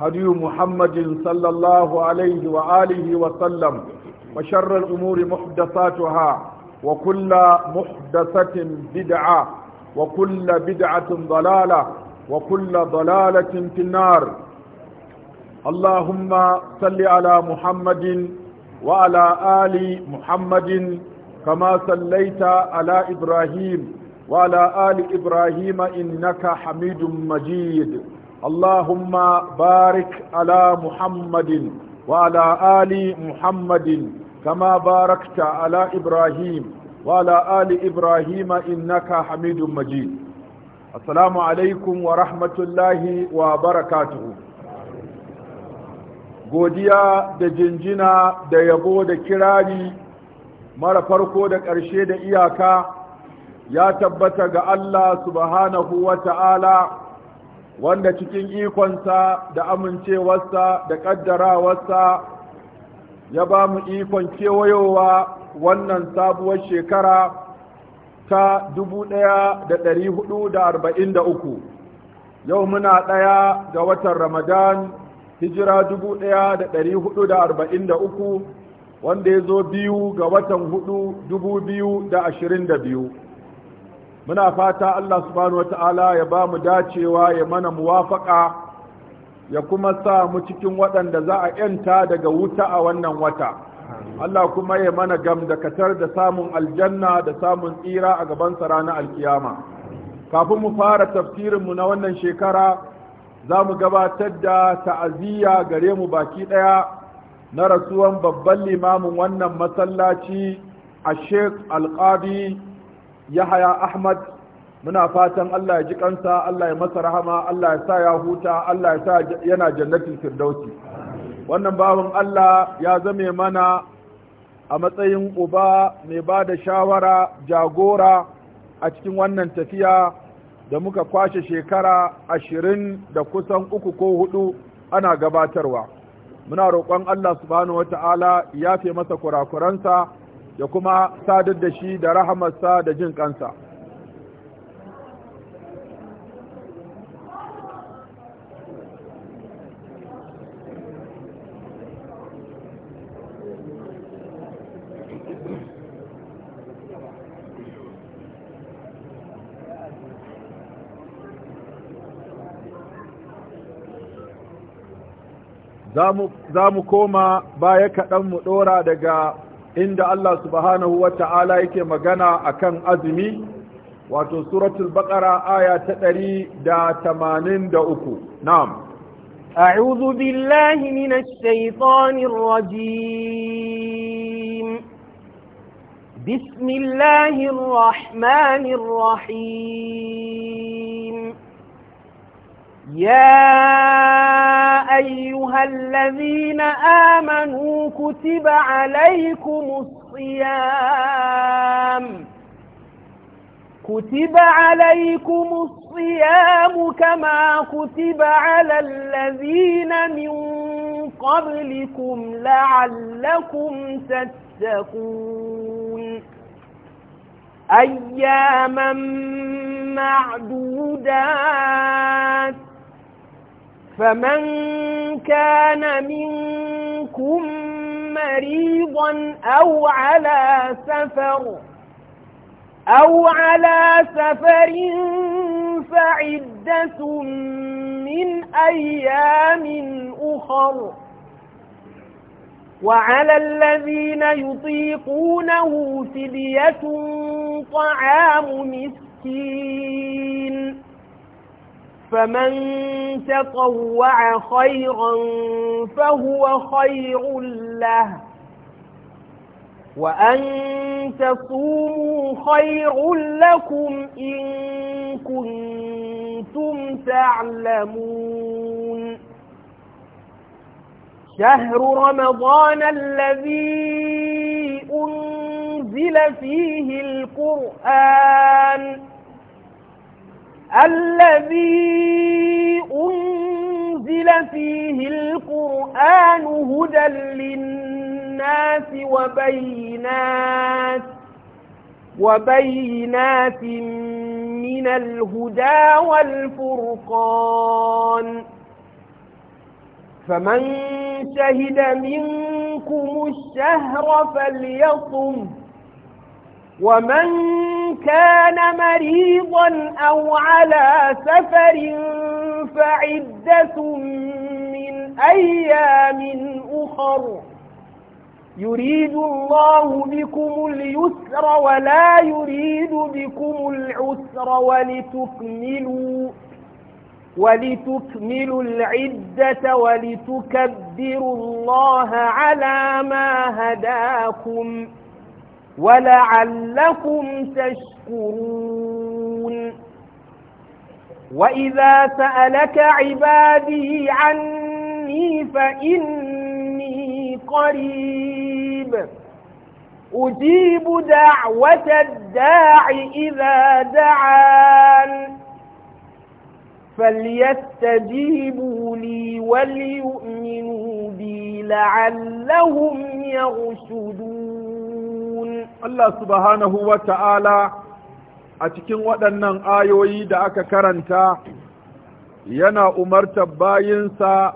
هدي محمد صلى الله عليه وآله وسلم وشر الأمور محدثاتها وكل محدثة بدعة وكل بدعة ضلالة وكل ضلالة في النار اللهم صل على محمد وعلى آل محمد كما صليت على إبراهيم وعلى آل إبراهيم إنك حميد مجيد اللهم بارك على محمد وعلى آل محمد كما باركت على إبراهيم وعلى آل إبراهيم إنك حميد مجيد السلام عليكم ورحمة الله وبركاته godiya da jinjina da yabo da kirari mara farko da ƙarshe da iyaka ya tabbata ga Allah subhanahu wa ta'ala wanda cikin ikonsa da amincewarsa da ƙaddarawarsa ya ba mu ikon kewayowa wannan sabuwar shekara ta 1443 yau muna ɗaya ga watan ramadan hijira 1443 wanda ya zo biyu ga watan huɗu da 2022 muna fata Allah subhanahu wata'ala ya ba mu dacewa ya mana muwafaka ya kuma sa mu cikin waɗanda za a yanta daga wuta a wannan wata Allah kuma ya mana gam da katar da samun aljanna da samun tsira a gaban sa ranar alkiyama kafin mu fara tafsirinmu na wannan shekara za mu gabatar da ta'aziyya gare mu baki ɗaya na rasuwan babban limamin wannan masallaci a al alƙadi yahaya ahmad muna fatan Allah ya ji kansa Allah ya masa rahama Allah ya sa ya huta Allah ya sa yana jannatin firdausi wannan bawan Allah ya zame mana a matsayin uba mai ba da shawara jagora a cikin wannan tafiya da muka kwashe shekara ashirin da kusan uku ko hudu ana gabatarwa muna roƙon Allah subhanahu wata'ala ya fi masa kurakuransa ya kuma sadar da shi da rahamarsa da jin kansa za mu koma baya kaɗan mu ɗora daga inda Allah subhanahu wa ta'ala yake magana akan azumi wato suratul baqara aya ta 183 na'am أعوذ بالله من الشيطان الرجيم بسم الله الرحمن يا أيها الذين آمنوا كتب عليكم الصيام كتب عليكم الصيام كما كتب على الذين من قبلكم لعلكم تتقون أياما معدودات فمن كان منكم مريضا أو على سفر أو على سفر فعدة من أيام أخر وعلى الذين يطيقونه فدية طعام مسكين فمن تطوع خيرا فهو خير له وأن تصوموا خير لكم إن كنتم تعلمون شهر رمضان الذي أنزل فيه القرآن الذي أنزل فيه القرآن هدى للناس وبينات وبينات من الهدى والفرقان فمن شهد منكم الشهر فليصم ومن كان مريضا أو على سفر فعدة من أيام أخر يريد الله بكم اليسر ولا يريد بكم العسر ولتكملوا ولتكملوا العدة ولتكبروا الله على ما هداكم ولعلكم تشكرون وإذا سألك عبادي عني فإني قريب أجيب دعوة الداع إذا دعان فليستجيبوا لي وليؤمنوا بي لعلهم يرشدون الله سبحانه وتعالى a cikin waɗannan ayoyi da aka karanta yana umartar bayinsa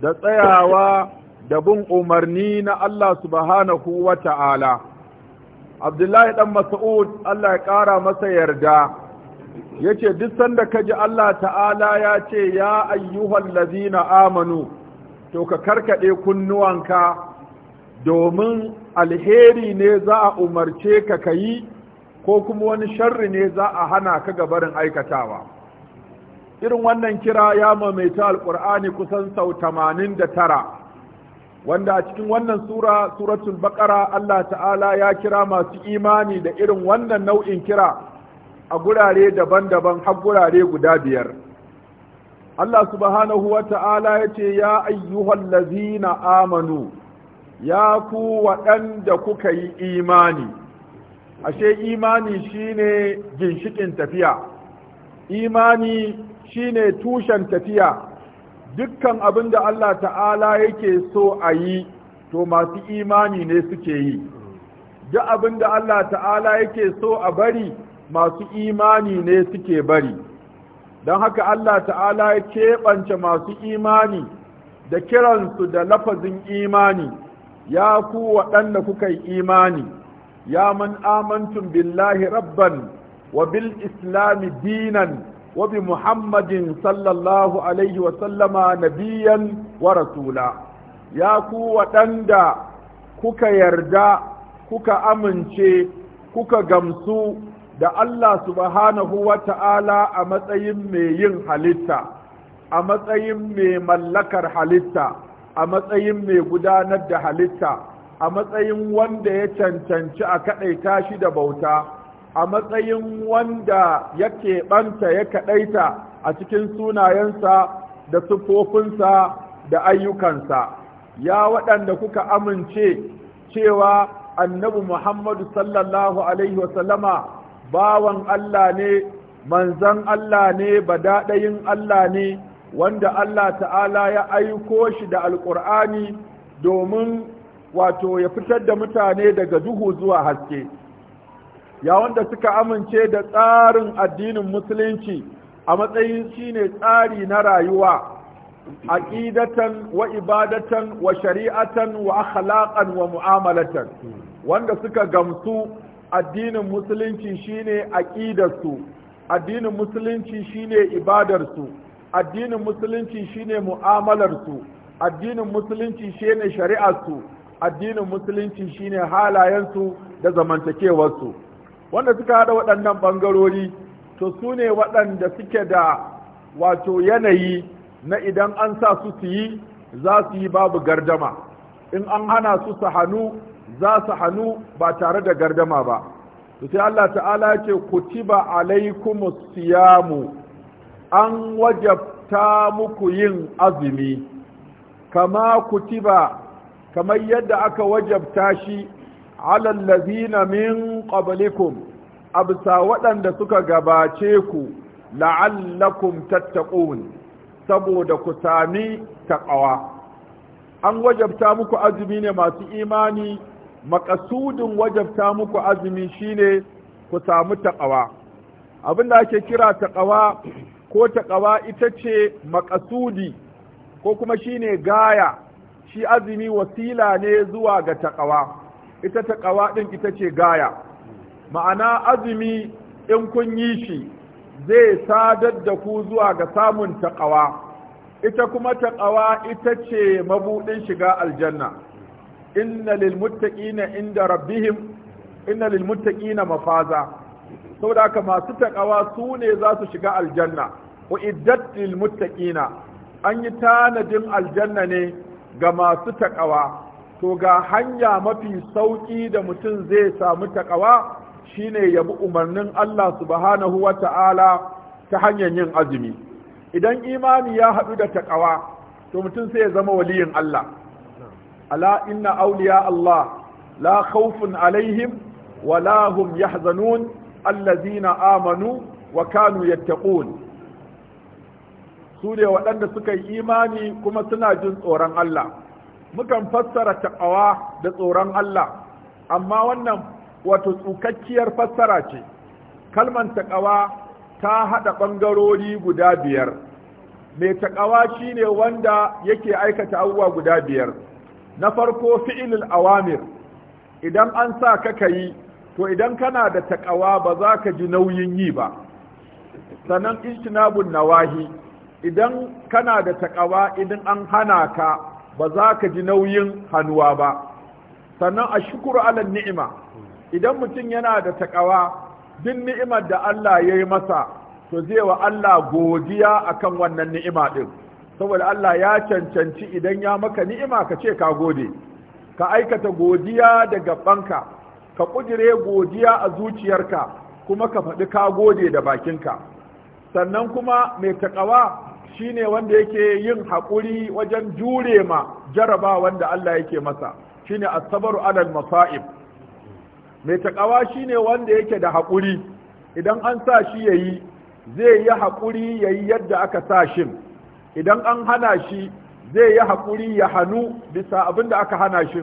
da tsayawa da bin umarni na Allah subhanahu wa ta'ala. Abdullahi ɗan Mas'ud Allah ya ƙara masa yarda, ya ce, Duk sanda ka ji Allah ta'ala ya ce, Ya ayyuhan lazina amanu, to ka karkaɗe kunnuwanka domin alheri ne za a umarce ka ka yi ko kuma wani sharri ne za a hana ka barin aikatawa irin wannan kira ya mamaita alkur'ani kusan sau 89 wanda a cikin wannan sura suratul baqara Allah ta'ala ya kira masu imani da irin wannan nau'in kira a gurare daban-daban har gurare guda biyar Allah subhanahu wa ta'ala ya ce ya ayyuhallazina amanu ya ku waɗanda kuka yi imani ashe imani shine ginshikin tafiya imani shine tushen tafiya dukkan abin da Allah ta'ala yake so a yi to masu imani ne suke yi duk abin da Allah ta'ala yake so a bari masu imani ne suke bari don haka Allah ta'ala ya keɓance masu imani da kiransu da lafazin imani ya ku waɗanda kuka yi imani يا من آمنتم بالله ربا وبالإسلام دينا وبمحمد صلى الله عليه وسلم نبيا ورسولا يا قوة أندى كوكا يرجى كوكا أمنشي كوكا غمسو da Allah subhanahu wa ta'ala a matsayin mai yin halitta, a matsayin mai mallakar halitta, a matsayin mai gudanar da halitta, a matsayin wanda ya cancanci a kaɗaita shi da bauta a matsayin wanda ya keɓanta ya kaɗaita a cikin sunayensa da sufofinsa da ayyukansa ya waɗanda kuka amince cewa annabi muhammadu sallallahu alaihi wasallama bawan allah ne manzan allah ne badaɗayin allah ne wanda allah ta'ala ya aiko shi da alƙur'ani domin wato ya fitar da mutane daga duhu zuwa haske ya wanda suka amince da tsarin addinin musulunci a matsayin shine tsari na rayuwa aqidatan wa ibadatan wa shari'atan wa akhlaqan wa mu'amalatan wanda suka gamsu addinin musulunci shine aqidarsu addinin musulunci shine ibadarsu addinin musulunci shine mu'amalarsu addinin musulunci shine shari'arsu addinin musulunci shine halayensu da zamantakewarsu wanda suka hada waɗannan ɓangarori to su ne waɗanda suke da wato yanayi na idan an sa su su yi za su yi babu gardama in an hana su su hannu za su hannu ba tare da gardama ba to sai Allah ta'ala ce kutiba alaikumus siyamu an wajabta muku yin azumi kama kutiba kamar yadda aka wajabta shi alal ladina min qablikum absa waɗanda suka gabace ku la'allakum tattaqun saboda ku sami taqwa an wajabta muku azumi ne masu imani makasudin wajabta muku azumi shine ku samu abin da ake kira taqwa ko taqwa ita ce makasudi ko kuma shine gaya shi azumi wasila ne zuwa ga taƙawa. ita taƙawa ɗin ita ce gaya ma'ana azumi in kun yi shi zai sadar da ku zuwa ga samun taƙawa. ita kuma taƙawa ita ce mabuɗin shiga aljanna inna lilmuttaqina inda rabbihim inna lilmuttaqina mafaza saboda haka masu taƙawa su ne za su shiga aljanna wa iddat lilmuttaqina an yi tanadin aljanna ne ga masu taƙawa to ga hanya mafi sauƙi da mutum zai samu taƙawa shine ya bi umarnin Allah subhanahu wa ta'ala ta hanyar yin azumi idan imani ya haɗu da taƙawa to mutum sai ya zama waliyin Allah ala inna auliya Allah la khawfun alaihim wa la hum yahzanun allazina amanu wa kanu yattaqun su ne waɗanda suka yi imani kuma suna jin tsoron Allah mukan fassara taƙawa da tsoron Allah amma wannan wato tsukakkiyar fassara ce kalman taƙawa ta haɗa ɓangarori guda biyar mai taƙawa shine wanda yake aikata abubuwa guda biyar na farko fi'ilul awamir idan an sa ka yi, to idan kana da taƙawa ba za ka ji nauyin yi ba sannan ijtinabun nawahi idan kana da takawa idan an hana ka ba za ka ji nauyin hannuwa ba sannan a shukuru ala ni'ima idan mutum yana da takawa duk ni'imar da Allah ya yi masa to zai wa Allah godiya akan wannan ni'ima din saboda Allah ya cancanci idan ya maka ni'ima ka ce ka gode ka aikata godiya da gabanka ka kujire godiya a zuciyarka kuma ka faɗi ka gode da bakinka sannan kuma mai takawa shine wanda yake yin haƙuri wajen jure ma jaraba wanda Allah yake masa shine as-sabru alal masa'ib mai takawa shine wanda yake da haƙuri idan an sa shi yayi zai yi haƙuri yayi yadda aka sa shi idan an hana shi zai yi haƙuri ya hanu bisa abin da aka hana shi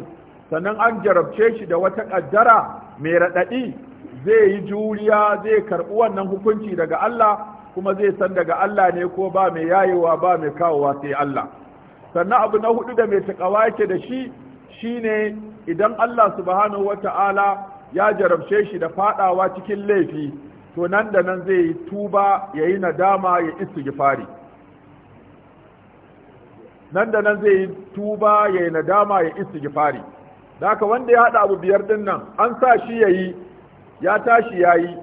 sannan an jarabce shi da wata ƙaddara mai raɗaɗi zai yi juriya zai karɓi wannan hukunci daga Allah kuma zai san daga Allah ne ko ba mai yayewa ba mai kawowa sai Allah sannan abu na hudu da mai takawa yake da shi shine idan Allah subhanahu wata'ala ya jarabce shi da fadawa cikin laifi to nan da nan zai yi tuba yayi nadama ya istighfari nan da nan zai tuba yayi nadama ya istighfari haka wanda ya hada abu biyar din nan an sa shi yayi ya tashi yayi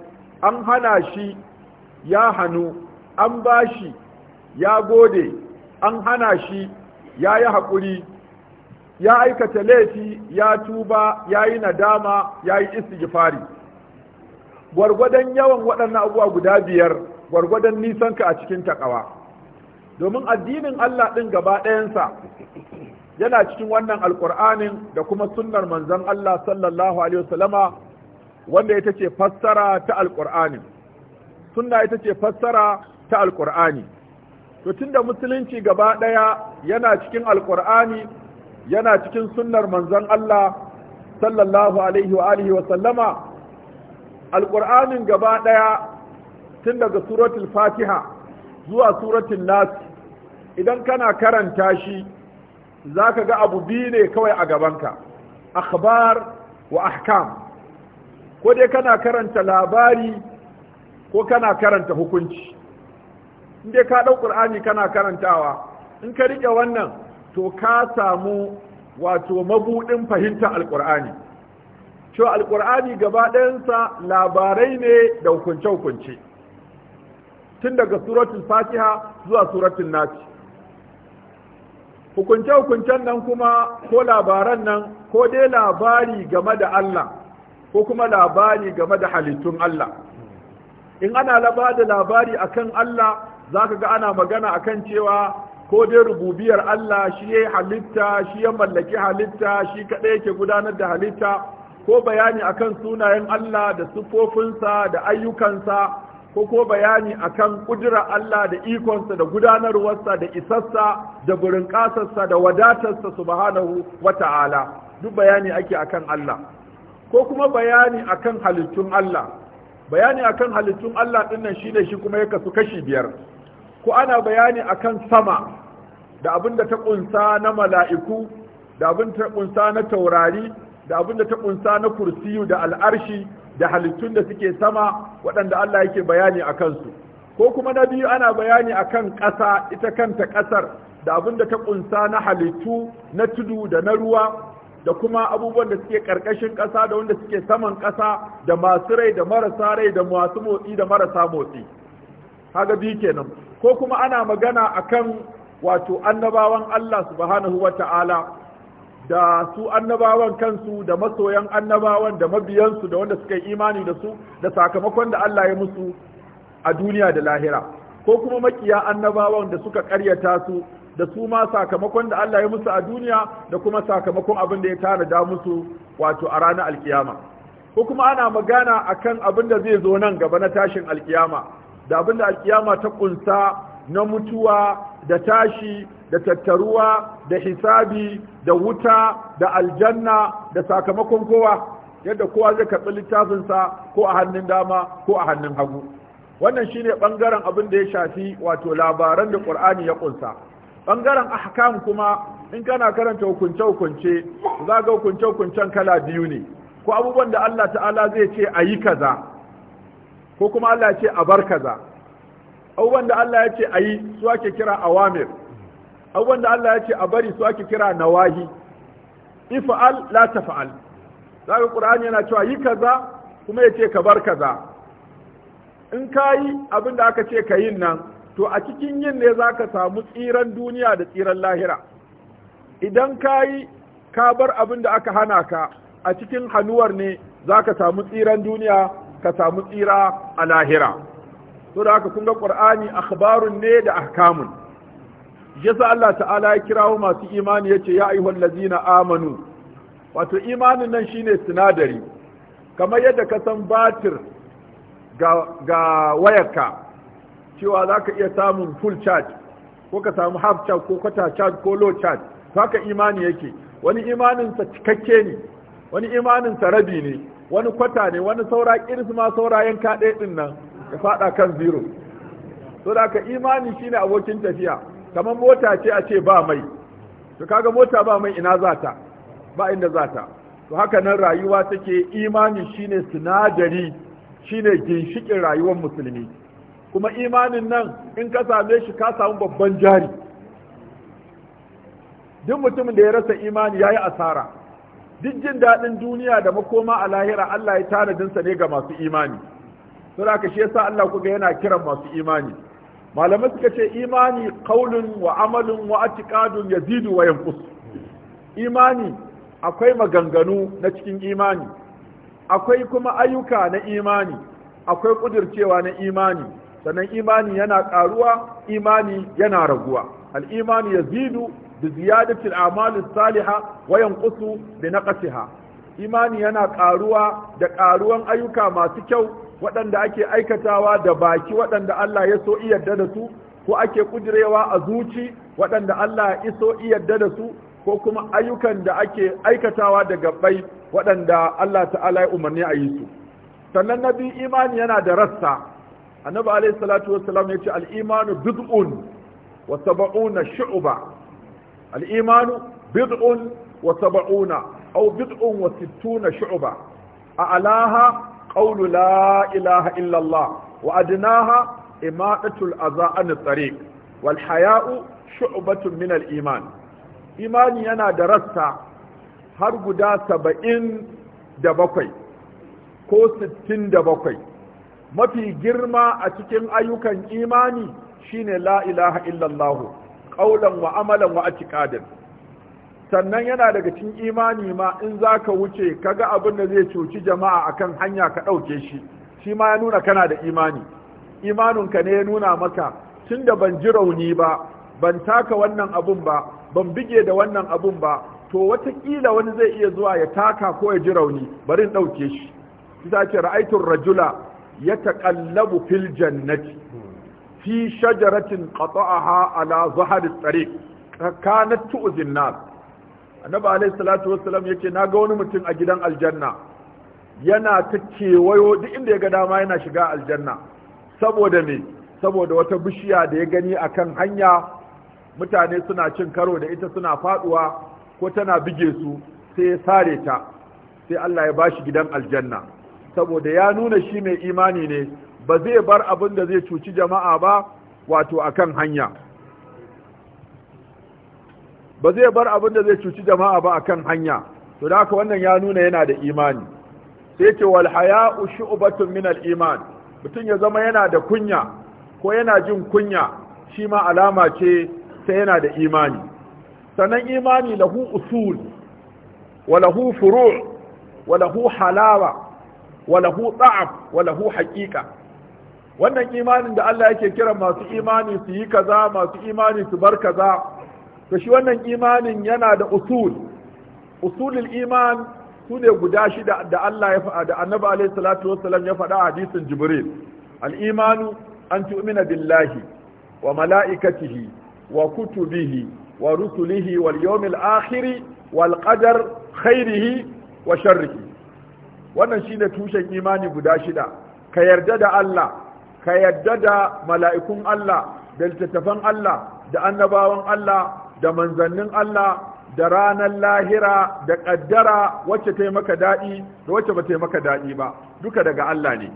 an hana shi ya hannu an bashi ya gode an hana shi ya yi haƙuri ya aikata laifi ya tuba ya yi nadama ya yi istighfari gwargwadon yawan waɗannan abubuwa guda biyar gwargwadon nisanka a cikin taƙawa domin addinin Allah ɗin gaba ɗayansa yana cikin wannan alƙur'anin da kuma sunnar manzon Allah sallallahu alaihi wasallama wanda ita ce fassara ta alƙur'anin sunna ita ce fassara ta alkur'ani to tunda musulunci gaba ɗaya yana cikin alkur'ani yana cikin sunnar manzon Allah sallallahu alaihi wa alihi wa sallama alkur'anin gaba ɗaya tun daga suratul fatiha zuwa suratul nas idan kana karanta shi zaka ga abu biyu ne kawai a gabanka akhbar wa ahkam ko dai kana karanta labari ko kana karanta hukunci in dai ka ɗau ƙur'ani kana karantawa in ka riƙe wannan to ka samu wato mabuɗin fahimta alƙur'ani cewa alƙur'ani gaba ɗayansa labarai ne da hukunce-hukunce tun daga suratun fatiha zuwa suratun nasi hukunce-hukuncen nan kuma ko labaran nan ko dai labari game da Allah ko kuma labari game da halittun Allah in ana laba da labari akan Allah zaka ga ana magana akan cewa ko dai rububiyar Allah shi ya halitta shi ya mallaki halitta shi kaɗai yake gudanar da halitta ko bayani akan sunayen Allah da siffofinsa da ayyukansa ko ko bayani akan kudura Allah da ikonsa da gudanarwarsa da isarsa da burinƙasarsa da wadatarsa subhanahu wata'ala duk bayani ake akan Allah ko kuma bayani akan halittun Allah bayani akan halittun Allah din nan shine shi kuma ya kasu kashi biyar ko ana bayani akan sama da abin da ta kunsa na mala'iku da abin ta kunsa na taurari da abin da ta kunsa na kursiyu da al'arshi da halittun da suke sama waɗanda Allah yake bayani a kansu ko kuma na biyu ana bayani akan ƙasa ita kanta ƙasar da abin da ta kunsa na halittu na tudu da na ruwa da kuma abubuwan da suke ƙarƙashin ƙasa da wanda suke saman ƙasa da masu rai da marasa rai da masu motsi da marasa motsi haga biyu kenan ko kuma ana magana akan wato annabawan Allah subhanahu wata'ala da su annabawan kansu da masoyan annabawan da mabiyansu da wanda suka yi imani da su da sakamakon da Allah ya musu a duniya da lahira ko kuma makiya annabawan da suka karyata su da su ma sakamakon da Allah ya musu a duniya da kuma sakamakon abin da ya tanada musu wato a ranar alkiyama ko kuma ana magana akan abin da zai zo nan gaba na tashin alkiyama da abin da alkiyama ta kunsa na mutuwa da tashi da tattaruwa da hisabi da wuta da aljanna da sakamakon kowa yadda kowa zai karɓi littafinsa ko a hannun dama ko a hannun hagu wannan shine bangaren abin da ya shafi wato labaran da qur'ani ya kunsa bangaren ahkam kuma in kana karanta hukunce hukunce za ga hukunce hukuncen kala biyu ne ko abubuwan da Allah ta'ala zai ce a yi kaza ko kuma Allah ya ce a bar kaza abubuwan da Allah ya ce a yi su ake kira awamir abubuwan da Allah ya ce a bari su ake kira nawahi ifa'al la tafa'al ga ƙur'ani yana cewa yi kaza kuma yace ka bar kaza in ka yi abin da aka ce ka yin nan to a cikin yin ne za ka samu tsiran duniya da tsiran lahira idan ka yi ka bar abin da aka hana ka a cikin hannuwar ne za ka samu tsiran duniya ka samu tsira a lahira to da aka kun ga a ne da ahkamun yasa Allah ta'ala ya kirawo masu imani ce ya ayyuhal na amanu wato imanin nan shine sinadari kamar yadda ka san batir ga wayarka cewa za ka iya samun full charge ko ka samu half charge ko quarter charge ko low charge haka imani yake wani imaninsa cikakke ne wani imaninsa rabi ne wani kwata ne wani saura kiris ma saura yanka ɗaya ɗin nan ka faɗa kan zero so da ka imani shine abokin tafiya kamar mota ce a ce ba mai to kaga mota ba mai ina za ta ba inda za ta to haka nan rayuwa take imani shine sinadari shine ginshikin rayuwar musulmi kuma imanin nan in ka same shi ka samu babban jari duk mutumin da ya rasa imani ya yi asara duk jin daɗin duniya da makoma a lahira Allah ya tanadinsa ne ga masu imani saboda shi yasa Allah kuga yana kiran masu imani malamai suka ce imani qaulun wa amalin wa atiqadun yazidu wa yanqus imani akwai maganganu na cikin imani akwai kuma ayyuka na imani akwai kudircewa na imani sannan imani yana ƙaruwa, imani yana raguwa al-imani yazidu bi ziyadati al-a'mal wayan saliha wa yanqusu bi naqsiha imani yana ƙaruwa, da karuwan ayyuka masu kyau waɗanda ake aikatawa da baki waɗanda Allah ya so iya da su ko ake kudirewa a zuci waɗanda Allah ya iso iya da su ko kuma ayyukan da ake aikatawa da gabbai waɗanda Allah ta'ala ya umarni a yi su sannan nabi imani yana da rassa annabi alayhi salatu wassalam ya al-imanu bid'un wa saba'una shu'ba al bid'un wa saba'una aw bid'un wa sittuna shu'ba a'laha qawlu la ilaha illa Allah wa adnaha imatatul adha an tariq wal haya'u shu'batun min al-iman imani yana da rassa har guda saba'in da bakwai ko sittin da bakwai mafi girma a cikin ayyukan imani shine la ilaha illallah qaulan wa amalan wa atiqadan sannan yana daga cikin imani ma in zaka wuce kaga abin da zai cuci jama'a akan hanya ka dauke shi shi ma ya nuna kana da imani imanin ka ne ya nuna maka tunda ban ji rauni ba ban taka wannan abun ba ban bige da wannan abun ba to wataƙila wani zai iya zuwa ya taka ko ya ji rauni bari in ɗauke shi ta ce ra'aitun rajula ya taƙallabu fil jannati fi shajaratin qata'aha ala zahar tsare kanat tu'zin nas annabi alayhi salatu wassalam yace naga wani mutum a gidan aljanna yana ta kewayo duk inda ya ga dama yana shiga aljanna saboda me saboda wata bishiya da ya gani akan hanya mutane suna cin karo da ita suna faduwa ko tana bige su sai ya sare ta sai Allah ya bashi gidan aljanna saboda ya nuna shi mai imani ne ba zai bar abin da zai cuci jama'a ba wato akan hanya ba zai bar abin da zai cuci jama'a ba akan hanya to da haka wannan ya nuna yana da imani sai ce wal haya'u shu'batun min al iman mutum ya zama yana da kunya ko yana jin kunya shi ma alama ce sai yana da imani sannan imani lahu usul wa lahu furu' wa lahu halawa walahu da'af walahu haqiqa wannan imanin da Allah yake kira masu imani su yi kaza masu imani su bar kaza to shi wannan imanin yana da usul usulul iman su ne guda shida da Allah da Annabi alaihi salatu wassalam ya faɗa a hadisin Jibril al imanu an tu'mina billahi wa mala'ikatihi wa kutubihi wa rusulihi wal yawmil akhir wal qadar khairihi wa sharrihi wannan shine tushen imani guda shida ka yarda da Allah ka yarda da mala'ikun Allah da littattafan Allah da annabawan Allah da manzannin Allah da ranar lahira da ƙaddara wacce ta yi maka daɗi da wacce ba ta yi maka daɗi ba duka daga Allah ne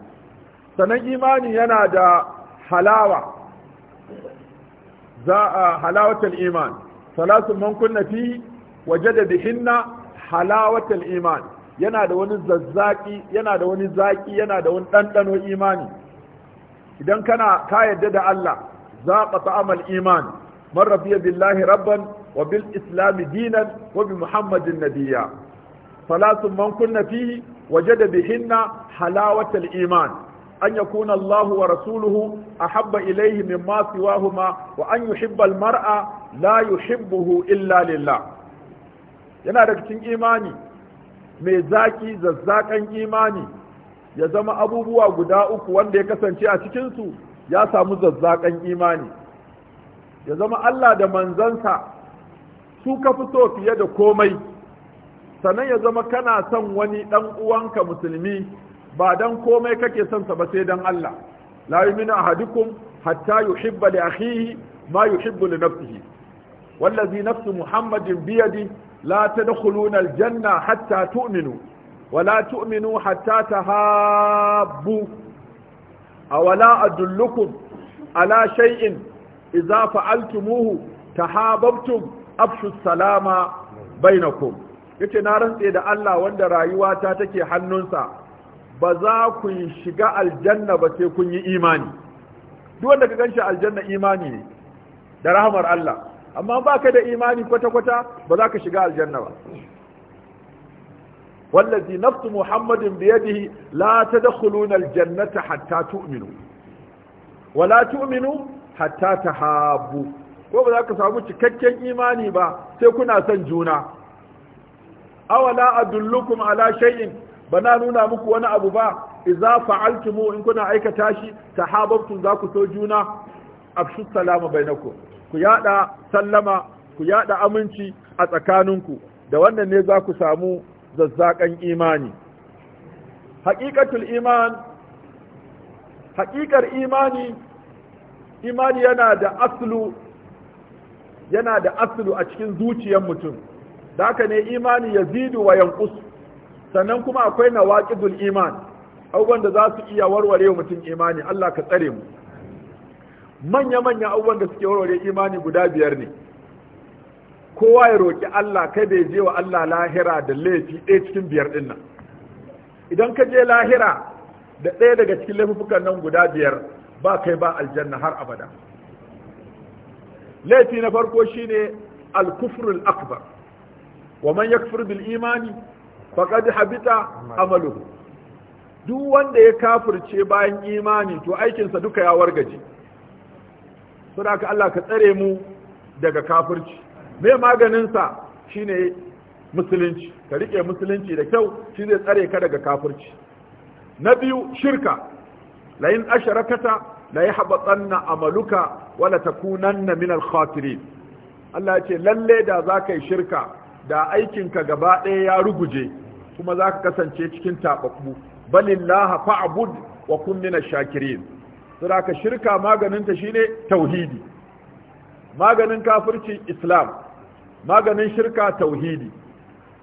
sannan imani yana da halawa za a iman salasun man waje da da bihinna halawatal iman yana da wani zazzaki yana da wani zaki yana da wani ɗanɗano imani idan kana ka yadda da Allah za ka ta'amal imani man rabiya billahi rabban wa bil islami dinan wa bi muhammadin nabiyya salatun man kunna fihi wajada bihinna halawatal iman an yakuna Allah wa rasuluhu ahabba ilayhi mimma siwahuma wa an yuhibba al mar'a la yuhibbuhu illa lillah yana da cikin imani mai zaki zazzakan imani ya zama abubuwa guda uku wanda ya kasance a cikinsu ya samu zazzakan imani ya zama Allah da manzansa su ka fi so fiye da komai sannan ya zama kana son wani ɗan uwanka musulmi ba don komai kake son sa ba sai don Allah la yu'minu ahadukum hatta yuhibba li akhihi ma yuhibbu li nafsihi wallazi nafsu muhammadin biyadi la tadkhuluna aljanna hatta tu'minu wa la tu'minu hatta tahabbu awala adullukum ala shay'in idza fa'altumuhu tahabbtum afshu salama bainakum yace na rantse da Allah wanda rayuwata take hannunsa ba za ku shiga aljanna ba sai kun yi imani duk wanda ka ganshi aljanna imani ne da rahmar Allah amma baka da imani kwata-kwata ba za ka shiga aljanna ba wallazi naftu muhammadin biyadihi la tadkhuluna aljannata hatta tu'minu wala tu'minu hatta tahabu ko ba za ka samu cikakken imani ba sai kuna son juna awala adullukum ala shay'in bana nuna muku wani abu ba idza fa'altumu in kuna aikata shi tahabbtum za ku so juna afshu salama bainakum ku yada sallama ku yaɗa aminci a tsakaninku da wannan ne za ku samu zazzakan imani haƙiƙatul iman haƙiƙar imani imani yana da aslu yana da asulu a cikin zuciyar mutum da haka ne imani yazidu wa yankusu. sannan kuma akwai na waƙidul iman abubuwan da za su iya warware mutum imani Allah ka tsare mu manya manya abubuwan da suke warware imani guda biyar ne kowa ya roƙi Allah kai ya je wa Allah lahira da laifi ɗaya cikin biyar ɗin nan idan ka je lahira da ɗaya daga cikin laifukan nan guda biyar ba kai ba aljanna har abada laifi na farko shine al-kufrul akbar wa man yakfur bil imani faqad habita amaluhu duk wanda ya kafirce bayan imani to aikinsa duka ya wargaje saboda haka Allah ka tsare mu daga kafirci me maganin sa shine musulunci ka rike musulunci da kyau shi zai tsare ka daga kafirci na biyu shirka la in asharakata la yahbatanna amaluka wala takunanna min al-khatirin Allah ya ce lalle da za ka yi shirka da aikin ka gaba ɗaya ya ruguje kuma zaka kasance cikin taɓaɓɓu balillaha fa'bud wa kun min shakirin ka shirka maganinta shine tauhidi maganin kafirci islam maganin shirka tauhidi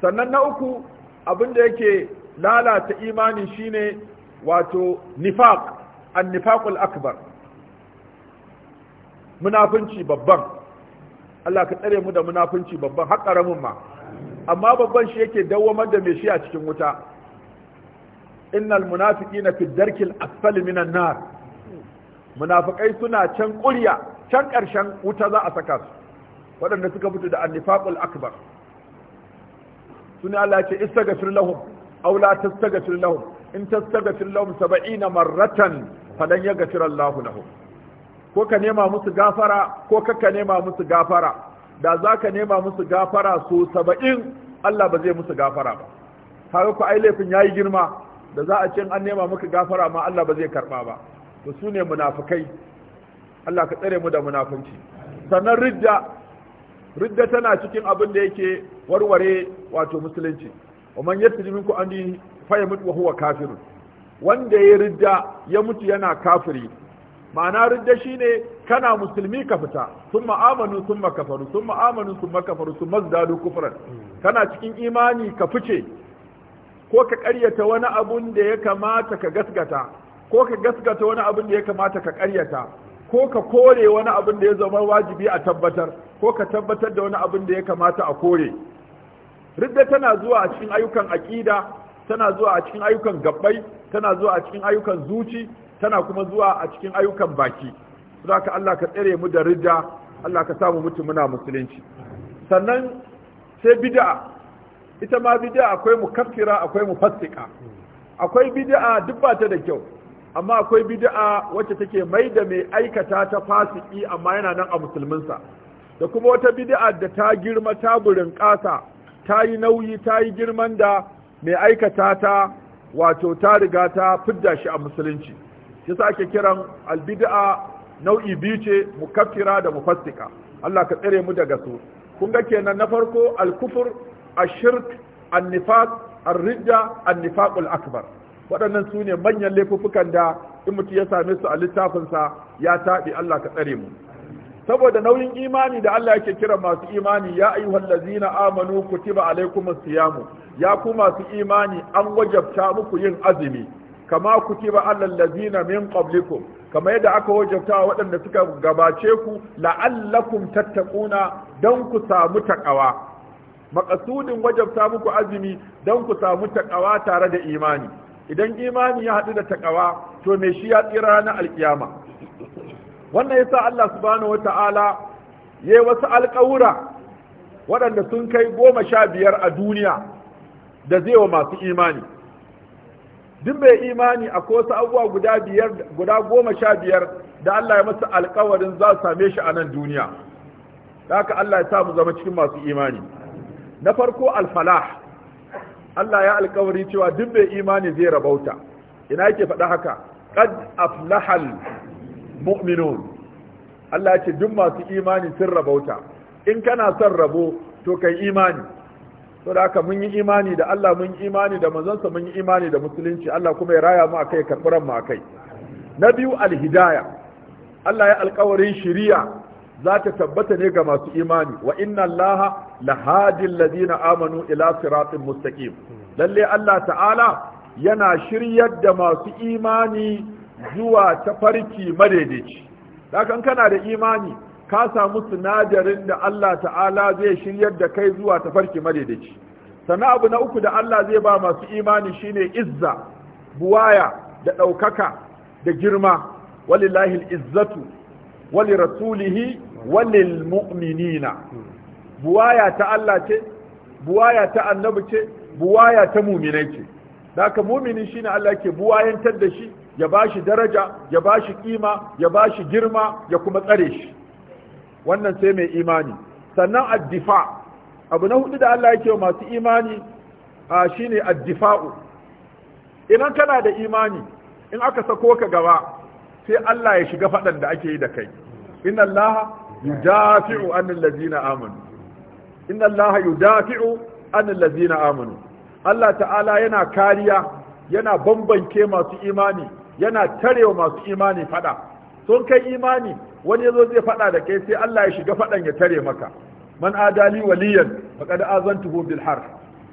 sannan na uku abin da yake lalata imani shine wato nifaq annifaqul akbar munafunci babban Allah ka tsare mu da munafinci babban har karamin ma amma babban shi yake dawwamar da mai shi a cikin wuta innal munafiqina fi darkil asfali minan nar munafikai suna can ƙurya can ƙarshen wuta za a saka su waɗanda suka fito da annifaqul akbar suna Allah ce istaghfir lahum aw la tastaghfir lahum in tastaghfir lahum 70 marratan falan yaghfir Allah lahum ko ka nema musu gafara ko ka nema musu gafara da za ka nema musu gafara so 70 Allah ba zai musu gafara ba haka ko ai laifin yayi girma da za a ce an nema muka gafara ma Allah ba zai karba ba to su ne munafukai Allah ka tsare mu da munafunci sannan ridda ridda tana cikin abin da yake warware wato musulunci wa yadda yasri minku an mutu wa huwa kafirun wanda ya ridda ya mutu yana kafiri ma'ana ridda shine kana musulmi ka fita sun ma'amanu sun makafaru sun ma'amanu sun makafaru sun mazdadu kufran kana cikin imani ka fice ko ka karyata wani abun da ya kamata ka gasgata ko ka gaskata wani abin da ya kamata ka karyata ko ka kore wani abin da ya zama wajibi a tabbatar ko ka tabbatar da wani abin da ya kamata a kore ridda tana zuwa a cikin ayyukan aqida tana zuwa a cikin ayyukan gabbai tana zuwa a cikin ayyukan zuci tana kuma zuwa a cikin ayyukan baki saboda Allah ka tsare mu da ridda Allah ka mu mutum muna musulunci sannan sai bid'a ita ma bid'a akwai mukaffira akwai mufassika akwai bid'a duk ba da kyau amma akwai bid'a wacce take mai da mai aikata ta fasiki amma yana nan a musulminsa da kuma wata bid'a da ta girma ta gurin ƙasa ta yi nauyi ta yi girman da mai aikata ta wato ta riga ta fidda shi a musulunci shi sa ake kiran albid'a nau'i biyu ce mukaffira da mufassika Allah ka tsare mu daga su kun ga kenan na farko al-kufur ash-shirk an-nifaq ar-ridda an-nifaq al-akbar waɗannan su ne manyan laifuffukan da in mutum ya same su a littafinsa ya taɓi Allah ka tsare mu saboda nauyin imani da Allah yake kira masu imani ya ayyuhal ladzina amanu kutiba alaikumus siyamu ya ku masu imani an wajabta muku yin azumi kama kutiba alal ladzina min qablikum kama yadda aka wajabta waɗanda suka gabace ku la'allakum tattaquna dan ku samu takawa maqasudin wajabta muku azumi dan ku samu takawa tare da imani idan imani ya haɗu da takawa to me shi ya tsira na alkiyama wannan yasa Allah subhanahu wata'ala ya yi wasu alƙawura waɗanda sun kai goma sha biyar a duniya da zai wa masu imani duk mai imani a wasu abubuwa guda biyar guda goma sha biyar da Allah ya masa alƙawarin za su same shi a nan duniya haka Allah ya sa mu zama cikin masu imani na farko alfalah Allah ya alkawari cewa duk mai imani zai rabauta ina yake faɗa haka qad aflahal mu'minun Allah ce duk masu imani sun rabauta in kana son rabo to kai imani to da haka mun yi imani da Allah mun yi imani da manzansa mun yi imani da musulunci Allah kuma ya raya mu akai karɓuran mu akai na biyu alhidaya Allah ya alkawarin shiriya za ta tabbata ne ga masu imani wa inna allaha lahadil ladina amanu ila siratin mustaqim lalle Allah ta'ala yana shiryar da masu imani zuwa tafarki madaidaici dakan kana da imani ka samu sinadarin da Allah ta'ala zai shiryar da kai zuwa tafarki madaidaici sana abu na uku da Allah zai ba masu imani shine izza buwaya da ɗaukaka da girma walillahi izzatu wali walil mu'minina buwaya ta Allah ce buwaya ta annabi ce buwaya ta mu'minai ce daga mu'mini shine Allah ke buwayantar da shi ya bashi daraja ya bashi kima ya bashi girma ya kuma tsare shi wannan sai mai imani sannan addifa abu na hudu da Allah yake masu imani shine addifa'u idan kana da imani in aka sako ka gaba sai Allah ya shiga fadan da ake yi da kai inna Laha. yudafi'u anil ladina amanu inna allaha yudafi'u anil ladina amanu Allah ta'ala yana kariya yana bambanke masu imani yana tarewa masu imani fada sun kai imani wani yazo zai fada da kai sai Allah ya shiga fadan ya tare maka man adali waliyan faqad azantuhu bil harb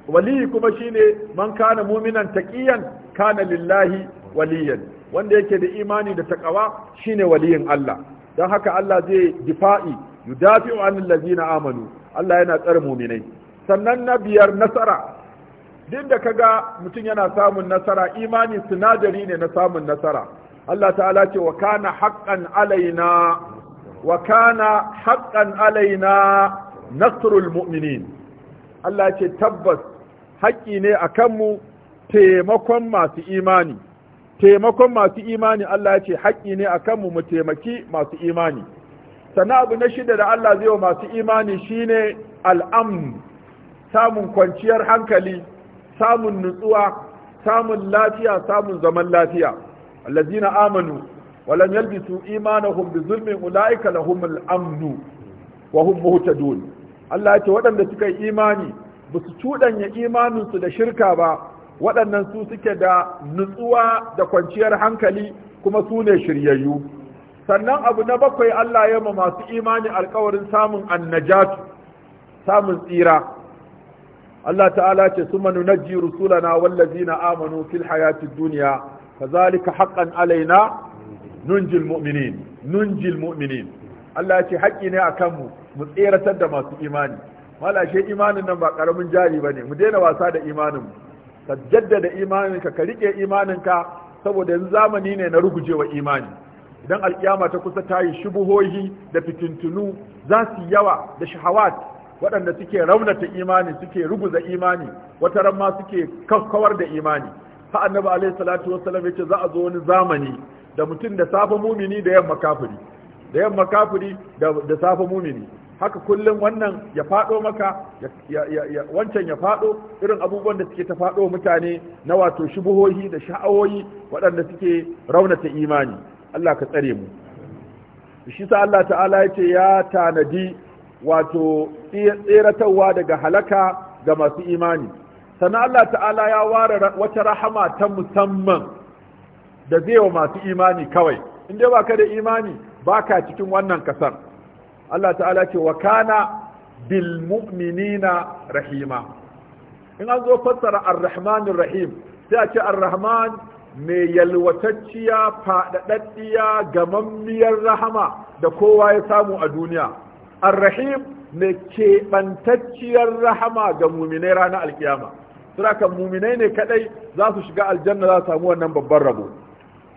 wali kuma shine man kana mu'minan taqiyan kana lillahi waliyan wanda yake da imani da takawa shine waliyin Allah don haka Allah zai difa'i yudafi'u anil na amanu Allah yana tsare mu'minai sannan na biyar nasara din da ga mutum yana samun nasara imani sinadari ne na samun nasara Allah ta'ala ce wa kana haƙƙan alaina wa kana alaina nasrul mu'minin Allah ce tabbas haƙƙi ne akan mu taimakon masu imani taimakon masu imani Allah ya ce haƙƙi ne a mu mu taimaki masu imani sannan abu na shida da Allah zai wa masu imani shine al'amn samun kwanciyar hankali samun nutsuwa samun lafiya samun zaman lafiya allazina amanu walam yalbisu imanahum bi ulaika lahum al wa hum muhtadun Allah ya ce waɗanda suka yi imani ba su cuɗanya imaninsu da shirka ba waɗannan su suke da nutsuwa da kwanciyar hankali kuma su ne shiryayyu sannan abu na bakwai Allah ya ma masu imani alkawarin samun annajatu samun tsira Allah ta'ala ce suma nunajji rusulana na amanu fil hayatid dunya kazalika haqqan alaina nunjil mu'minin nunjil mu'minin Allah ya ce haƙƙi ne a mu mu tseratar da masu imani malashe imanin nan ba ƙaramin jari ba ne. mu daina wasa da imanin mu ka jaddada imaninka ka rike imaninka saboda yanzu zamani ne na rugujewa imani idan alkiyama ta kusa ta yi shubuhohi da fitintunu za su yawa da shahawat waɗanda suke raunata imani suke ruguza imani wata ran ma suke kawar da imani fa annabi alayhi salatu wassalam yace za a zo wani zamani da mutum da safa mumini da yamma kafiri da yamma kafiri da safa mumini haka kullum wannan ya faɗo maka wancan ya faɗo, irin abubuwan da suke ta faɗo mutane na wato shubuhohi da sha'awoyi waɗanda suke raunata imani Allah ka tsare mu shi sa Allah ta'ala ya ce ya tanadi wato tseratarwa daga halaka ga masu imani sannan Allah ta'ala ya ware wata rahama ta musamman da zai wa masu imani kawai in dai ba ka da imani ba ka cikin wannan kasar Allah ta'ala ce wa kana bil mu'minina rahima in an zo fassara ar-rahmanir rahim sai a ce ar-rahman mai yalwatacciya faɗaɗɗiya gamammiyar rahama da kowa ya samu a duniya ar-rahim mai keɓantacciyar rahama ga muminai ranar alkiyama sura kan muminai ne kadai za su shiga aljanna za su samu wannan babban rabo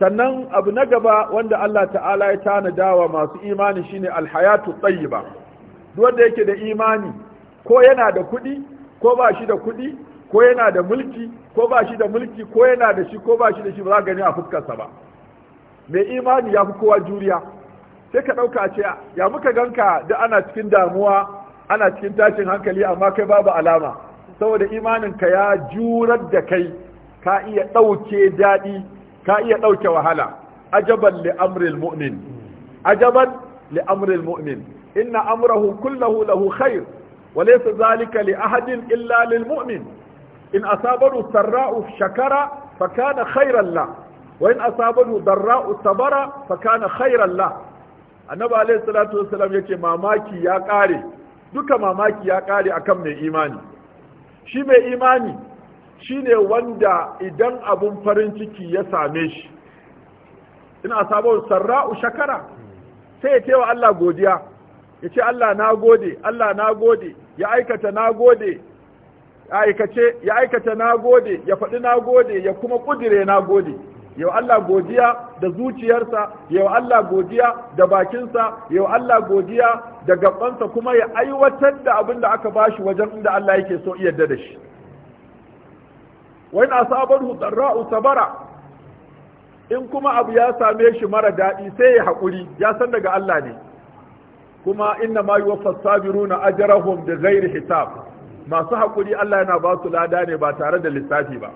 sannan abu na gaba wanda Allah ta'ala ya tanadawa dawa masu imani shine alhayatu tayyiba duk wanda yake da imani ko yana da kuɗi ko ba shi da kuɗi ko yana da mulki ko ba shi da mulki ko yana da shi ko ba shi da shi ba za gani a fuskarsa ba mai imani ya fi kowa juriya sai ka ɗauka ce ya muka ganka da ana cikin damuwa ana cikin tashin hankali amma kai babu alama saboda imaninka ya jurar da kai ka iya ɗauke daɗi ka iya ɗauke wahala ajaban li'amril mu'min ajaban li'amril mu'min inna amrahu kullahu lahu khair wa laysa zalika li ahadin illa lil mu'min in asabahu sarra'u shakara fa kana khairan la wa in asabahu darra'u sabara fa kana khairan la annabi alayhi salatu wassalam yace mamaki ya kare duka mamaki ya kare akan mai imani shi mai imani shine wanda idan abun farin ciki ya same shi ina sabon sarra'u shakara sai ya ce wa Allah godiya ya ce Allah na gode Allah na gode ya aikata na gode ya aikace ya aikata na gode ya faɗi na gode ya kuma ƙudire na gode yau Allah godiya da zuciyarsa yau Allah godiya da bakinsa yau Allah godiya da gabansa kuma ya aiwatar da abin da aka bashi wajen inda Allah yake so iya da shi wai in asabahu darra'u sabara in kuma abu ya same shi mara daɗi sai ya haƙuri ya san daga Allah ne kuma inna ma sabiru sabiruna ajrahum da ghairi hisab masu haƙuri Allah yana ba su lada ne ba tare da lissafi ba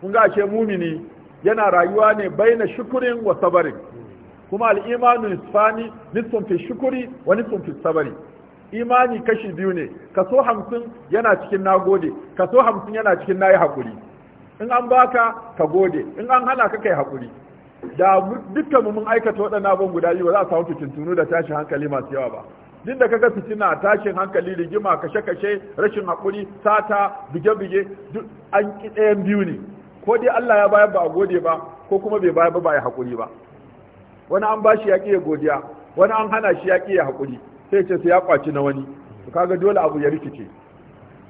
kun ga ashe mumini yana rayuwa ne baina shukurin wa sabarin kuma al-imanu nisfani nisfun fi shukuri wa nisfun fi sabari imani kashi biyu ne kaso hamsin yana cikin nagode kaso hamsin yana cikin nayi haƙuri in an baka ka gode in an hana ka kai hakuri da dukkan mun aikata waɗannan abin guda biyu ba za a samu fitintunu da tashin hankali masu yawa ba duk da kaga fitina tashin hankali rigima kashe kashe rashin hakuri sata bige bige duk an ki ɗayan biyu ne ko dai Allah ya bayar ba a gode ba ko kuma bai bayar ba ba ya hakuri ba wani an bashi ya ya godiya wani an hana shi ya ki ya hakuri sai ce sai ya kwaci na wani kaga dole abu ya rikice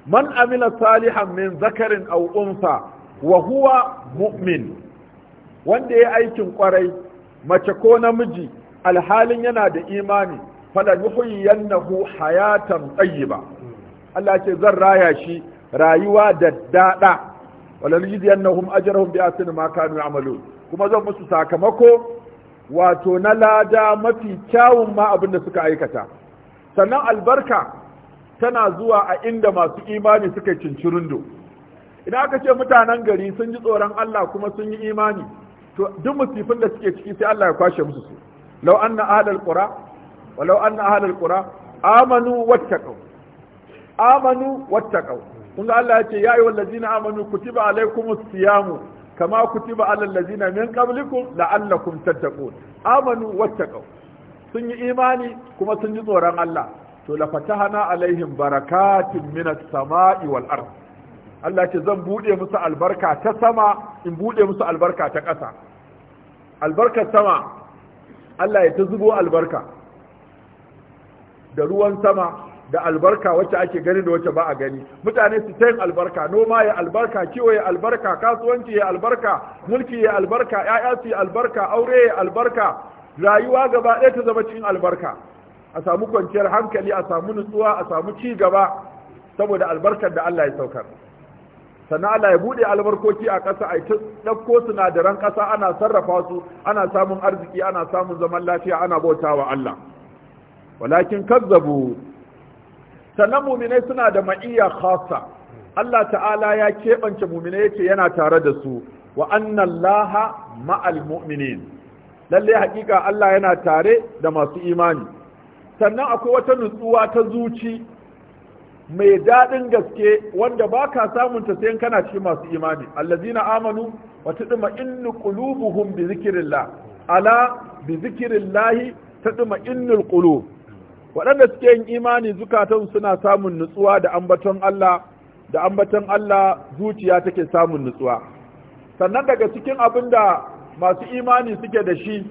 man amila salihan min zakarin aw unsa wa huwa mu'min wanda ya aikin kwarai mace ko namiji alhalin yana da imani fala yuhyiyannahu hayatan tayyiba Allah ce zan raya shi rayuwa da dada wala yujziyannahum ajrahum bi asni ma kanu ya'malun kuma zan musu sakamako wato na lada mafi kyawun ma abin da suka aikata sannan albarka tana zuwa a inda masu imani suka cincirindo idan aka ce mutanen gari sun ji tsoron Allah kuma sun yi imani to duk musifin da suke ciki sai Allah ya kwashe musu su law anna ahlal qura wa law anna ahlal qura amanu wattaqu amanu wattaqu kun ga Allah ya ce ya ayyuhal ladzina amanu kutiba alaykumus siyamu kama kutiba alal ladzina min qablikum la'allakum tattaqun amanu wattaqu sun yi imani kuma sun ji tsoron Allah to la fatahana alaihim barakatin minas sama'i wal ardh Allah ce zan buɗe musu albarka ta sama in buɗe musu albarka ta ƙasa albarkar sama Allah ya ta zubo albarka da ruwan sama da albarka wacce ake gani da wacce ba a gani mutane su tayin albarka noma ya albarka kiwo ya albarka kasuwanci ya albarka mulki ya albarka ƴaƴa su ya albarka aure ya albarka rayuwa gaba ɗaya ta zama cikin albarka a samu kwanciyar hankali a samu nutsuwa a samu ci gaba saboda albarkar da Allah ya saukar sannan Allah ya bude albarkoki a ƙasa a ta ɗauko sinadaran ƙasa ana sarrafa su ana samun arziki ana samun zaman lafiya ana bautawa Allah walakin kazzabu sannan muminai suna da ma'iyya khassa Allah ta'ala ya keɓance muminai yake yana tare da su wa anna Allah ma'al mu'minin lalle hakika Allah yana tare da masu imani sannan akwai wata nutsuwa ta zuci mai daɗin gaske wanda ba ka samun ta sai kana cikin masu imani allazina amanu wa tudma innu qulubuhum bi zikrillah ala bi zikrillah tudma innul qulub waɗanda suke yin imani zukatan suna samun nutsuwa da ambaton Allah da ambaton Allah zuciya take samun nutsuwa sannan daga cikin abin da masu imani suke da shi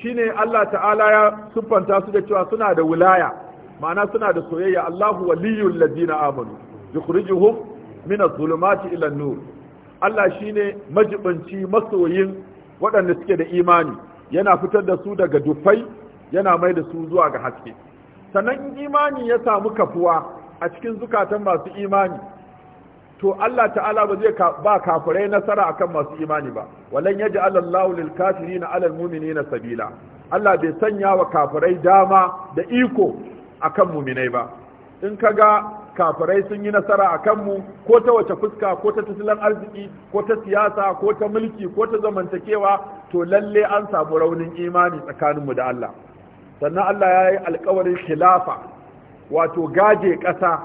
shine Allah ta'ala ya siffanta su da cewa suna da wulaya. ma'ana suna da soyayya Allahu waliyul ladina amanu yukhrijuhum min adh-dhulumati ila an-nur Allah shine majibanci masoyin waɗanda suke da imani yana fitar da su daga dufai yana mai da su zuwa ga haske Sanan imani ya samu kafuwa a cikin zukatan masu imani to Allah ta'ala ba zai ba kafirai nasara akan masu imani ba walan yaj'al Allahu lil kafirina 'ala al mu'minina sabila Allah bai sanya wa kafirai dama da iko kan muminai ba in ka ga kafirai sun yi nasara a kanmu ko ta wace fuska ko ta tattalin arziki ko ta siyasa ko ta mulki ko ta zamantakewa to lalle an samu raunin imani tsakaninmu da Allah sannan Allah ya yi alkawarin khilafa wato gaje ƙasa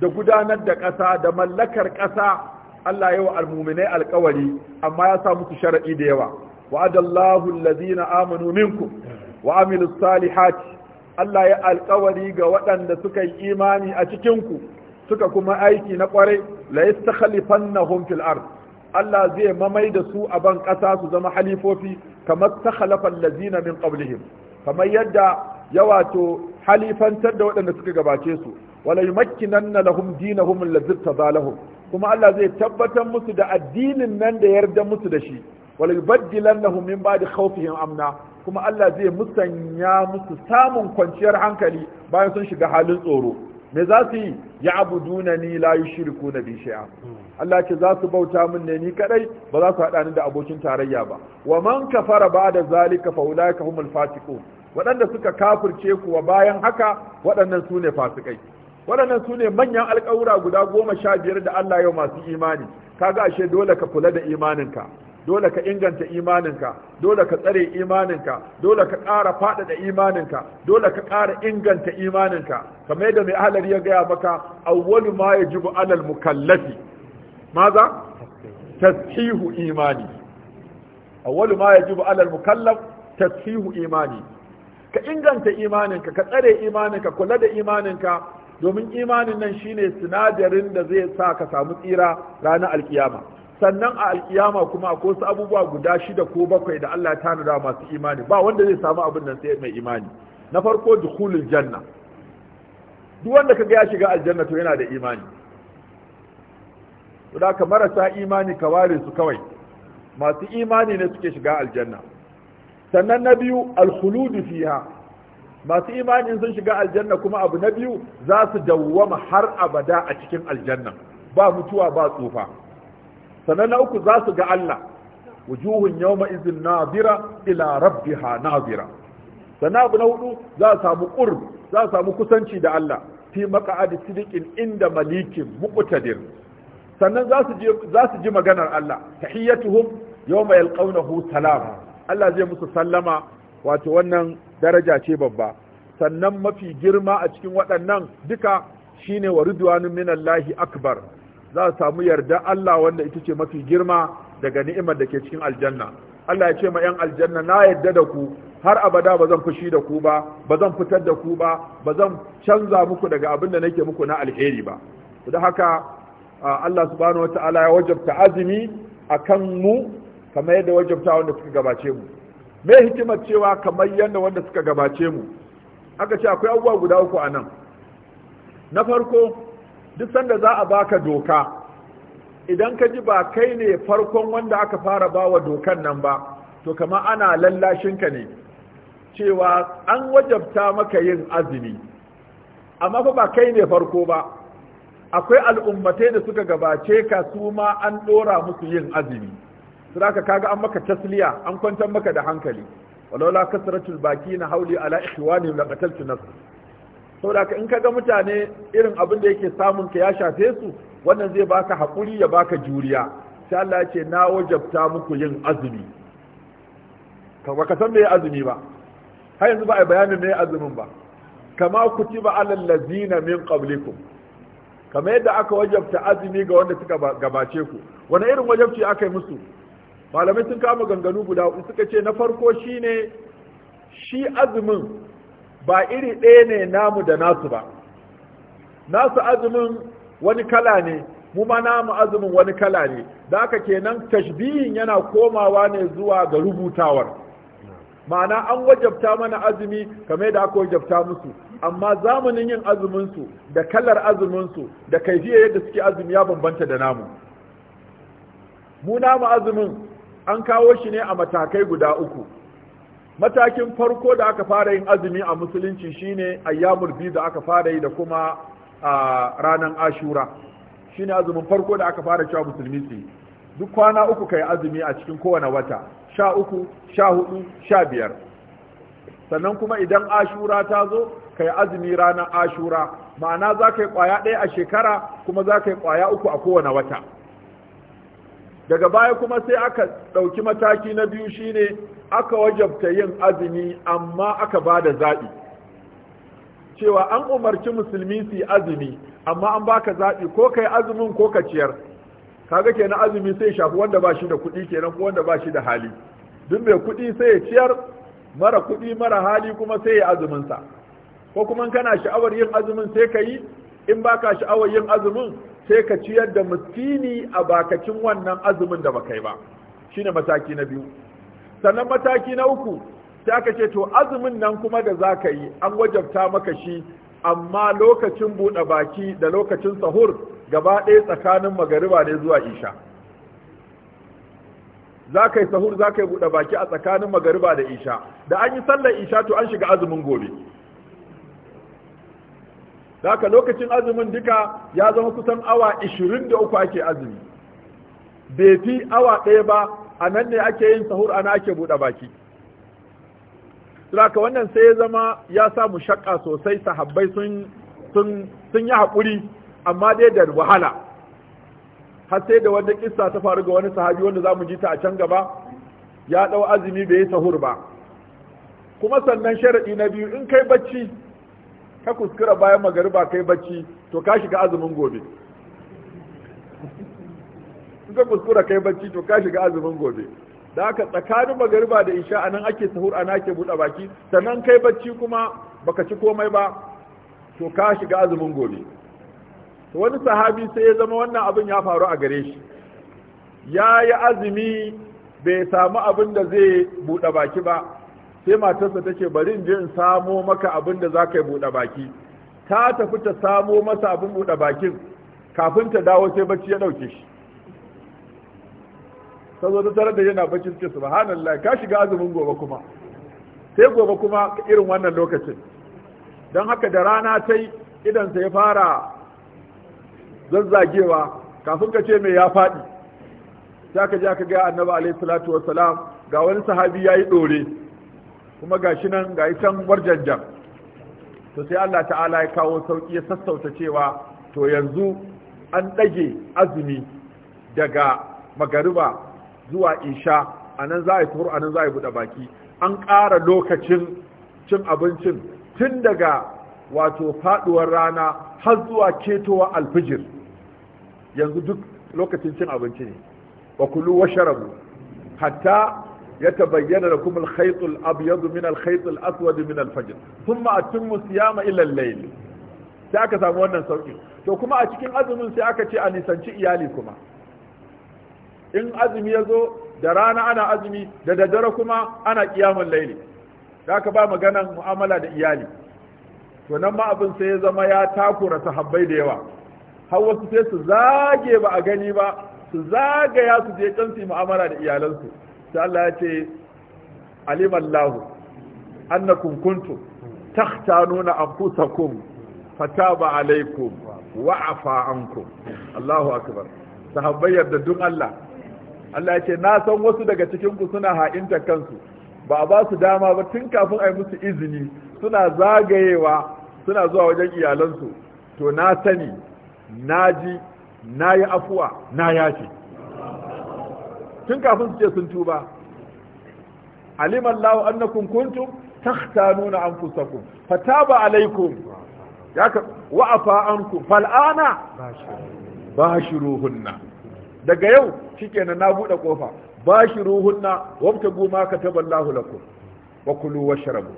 da gudanar da ƙasa da mallakar ƙasa Allah ya wa almuminai alkawari amma ya sa musu sharaɗi da yawa wa'adallahu allazina amanu minkum wa amilus salihati Allah ya alkawari ga waɗanda suka yi imani a cikinku suka kuma aiki na ƙwarai la na fil ard Allah zai mamai da su a ban ƙasa su zama halifofi kamar takhalafal lazina min qablihim kamar yadda ya wato halifantar da waɗanda suka gabace su wala yumakkinanna lahum dinahum allazi tadalahum kuma Allah zai tabbatar musu da addinin nan da yarda musu da shi wala yubaddilannahum min ba'di khawfihim amna kuma Allah zai musanya musu samun kwanciyar hankali bayan sun shiga halin tsoro me za su yi ya duna ni la yushriku na bishiya. Allah ce za su bauta min ne ni kadai ba za su haɗa ni da abokin tarayya ba wa man kafara ba'da zalika fa ka humul fasiqun waɗanda suka kafirce kuwa bayan haka waɗannan su ne fasikai waɗannan su ne manyan alƙawura guda goma sha biyar da Allah yau masu imani kaga ashe dole ka kula da imaninka dole ka inganta imaninka dole ka tsare imaninka dole ka ƙara faɗaɗa imaninka dole ka ƙara inganta imaninka kamar yadda mai ahalar ya gaya maka awwalu ma ya yajibu alal mukallafi maza tasihu imani awwalu ma ya yajibu alal mukallaf tasihu imani ka inganta imaninka ka tsare imaninka kula da imaninka domin imanin nan shine sinadarin da zai sa ka samu tsira ranar alkiyama sannan a alkiyama kuma ko su abubuwa guda shida ko bakwai da Allah ta nuna masu imani ba wanda zai samu abin nan sai mai imani na farko dukhulul janna duk wanda kaga ya shiga aljanna to yana da imani da ka marasa imani ka ware su kawai masu imani ne suke shiga aljanna sannan na biyu alkhuludu fiha masu imani sun shiga aljanna kuma abu na biyu za su dawwama har abada a cikin aljanna ba mutuwa ba tsufa sannan na uku za su ga Allah wujuhun yawma izin nazira ila rabbiha nazira sannan abu na hudu za su samu qurb za su samu kusanci da Allah fi maq'adi sidiqin inda malikin muqtadir sannan za su ji za su ji maganar Allah tahiyyatuhum yawma yalqawnahu salam Allah zai musu sallama wato wannan daraja ce babba sannan mafi girma a cikin waɗannan duka shine wa minallahi akbar za a samu yarda Allah wanda ita ce mafi girma daga ni'imar da ke cikin aljanna Allah ya ce ma yan aljanna na yarda da ku har abada ba zan fushi da ku ba ba zan fitar da ku ba ba zan canza muku daga abin da nake muku na alheri ba da haka Allah subhanahu wataala ya wajabta azumi akan mu kamar yadda wajabta wanda suka gabace mu me hikimar cewa kamar yadda wanda suka gabace mu aka ce akwai abubuwa guda uku a nan na farko duk sanda za a baka doka idan ka ji ba kai ne farkon wanda aka fara bawa dokan nan ba to kama ana lallashin ka ne cewa an wajabta maka yin azumi amma fa ba kai ne farko ba akwai al'ummatai da suka gabace ka su ma an ɗora musu yin azumi ka kaga an maka tasliya an kwantar maka da hankali walaula kasratul baki na hauli ala ikhwani laqataltu nafsi saboda in ka ga mutane irin abin da yake samun ka ya shafe su wannan zai baka hakuri ya baka juriya sai Allah ya ce na wajabta muku yin azumi ba ka san me azumi ba har yanzu ba a bayanin me azumin ba kama kutiba alal ladina min qablikum kama yadda aka wajabta azumi ga wanda suka gabace ku wani irin wajabci aka yi musu malamai sun kama ganganu guda suka ce na farko shine shi azumin ba iri ɗaya ne namu da nasu ba nasu azumin wani kala ne mu ma namu azumin wani kala ne da haka kenan tashbihin yana komawa ne zuwa ga rubutawar ma'ana an wajabta mana azumi kamar da aka wajabta musu amma zamanin yin azuminsu da kalar azuminsu da da kaifiyar yadda suke azumi ya bambanta da namu mu namu azumin an kawo shi ne a matakai guda uku matakin farko da aka fara yin azumi a musulunci shine ayyamul bi da aka fara yi da kuma ranan ashura shine azumin farko da aka fara cewa musulmi su duk kwana uku kai azumi a cikin kowane wata sha uku sha hudu sha biyar sannan kuma idan ashura ta zo kai azumi ranar ashura ma'ana za ka yi kwaya ɗaya a shekara kuma za ka yi kwaya uku a kowane wata daga baya kuma sai aka ɗauki mataki na biyu shine aka wajabta yin azumi amma aka ba da zaɓi cewa an umarci musulmi su yi azumi amma an baka zaɓi ko kai azumin ko ka ciyar kaga kenan azumi sai shafi wanda ba shi da kuɗi kenan ko wanda ba shi da hali duk mai kuɗi sai ya ciyar mara kuɗi mara hali kuma sai ya azuminsa ko kuma kana sha'awar yin azumin sai ka yi in ba ka sha'awar yin azumin sai ka ciyar da mutini a bakacin wannan azumin da baka yi ba ne mataki na biyu sannan mataki na uku sai aka ce to azumin nan kuma da za ka yi an wajabta maka shi amma lokacin buɗe baki da lokacin sahur gaba ɗaya tsakanin magariba ne zuwa isha za ka yi sahur za ka yi buɗe baki a tsakanin magariba da isha da an yi sallar isha to an shiga azumin gobe haka lokacin azumin duka ya zama kusan awa 23 ake azumi bai fi awa ɗaya ba a nan ne ake yin sahur ana ake buɗe baki haka wannan sai ya zama ya sa mu shakka sosai sahabbai sun sun yi haƙuri amma dai da wahala har sai da wanda kissa ta faru ga wani sahabi wanda zamu ji ta a can gaba ya ɗau azumi bai yi sahur ba kuma sannan sharaɗi na biyu in kai bacci ka kuskura bayan magariba kai bacci to ka shiga azumin gobe ka kuskura kai bacci to ka shiga azumin gobe da aka tsakanin magariba da isha anan ake sahur ana ke buɗe baki sannan kai bacci kuma baka ci komai ba to ka shiga azumin gobe to wani sahabi sai ya zama wannan abin ya faru a gare shi ya yi azumi bai samu abin da zai buɗe baki ba sai matarsa ta ce bari in je in samo maka abin da za ka yi buɗe baki ta tafi ta samo masa abin buɗe bakin kafin ta dawo sai bacci ya ɗauke shi ta zo ta tarar da yana bacci suke subhanallah ka shiga azumin gobe kuma sai gobe kuma irin wannan lokacin don haka da rana ta yi sa ya fara zazzagewa kafin ka ce mai ya faɗi sai ka je ka ga annabi alaihi salatu wassalam ga wani sahabi ya yi ɗore. kuma ga shi nan ga can warjanjan to sai Allah ta'ala ya kawo sauki ya sassauta cewa to yanzu an ɗage azumi daga magariba zuwa isha a nan za a yi tuhur a nan za a yi buɗe baki an ƙara lokacin cin abincin tun daga wato faɗuwar rana har zuwa ketowa alfijir yanzu duk lokacin cin abinci ne wa kulu sharabu hatta يتبين لكم الخيط الأبيض من الخيط الأسود من الفجر ثم أتم الصيام إلى الليل sai aka samu wannan sauki to kuma a cikin azumin sai aka ce a nisanci iyali kuma in azumi ya zo da rana ana azumi da daddare kuma ana kiyamun laili da ka ba magana mu'amala da iyali to nan ma abin sai ya zama ya takura sahabbai da yawa har wasu sai su zage ba a gani ba su zagaya su je can mu'amala da iyalansu sai Allah ya ce alimallahu annakum kuntum takhtanuna anfusakum fataba alaykum wa afa ankum Allahu akbar sahabbai yarda duk Allah Allah ya ce na san wasu daga cikin ku suna ha'inta kansu ba a ba su dama ba tun kafin a yi musu izini suna zagayewa suna zuwa wajen iyalansu to na sani na ji na yi afuwa na yace tun kafin su ce sun tuba alimallahu annakum kuntum takhtanuna anfusakum fataba alaikum yaka wa afa ankum fal'ana bashiruhunna daga yau shikenan na bude kofa bashiruhunna wabtagu ma kataballahu lakum wa kulu washrabu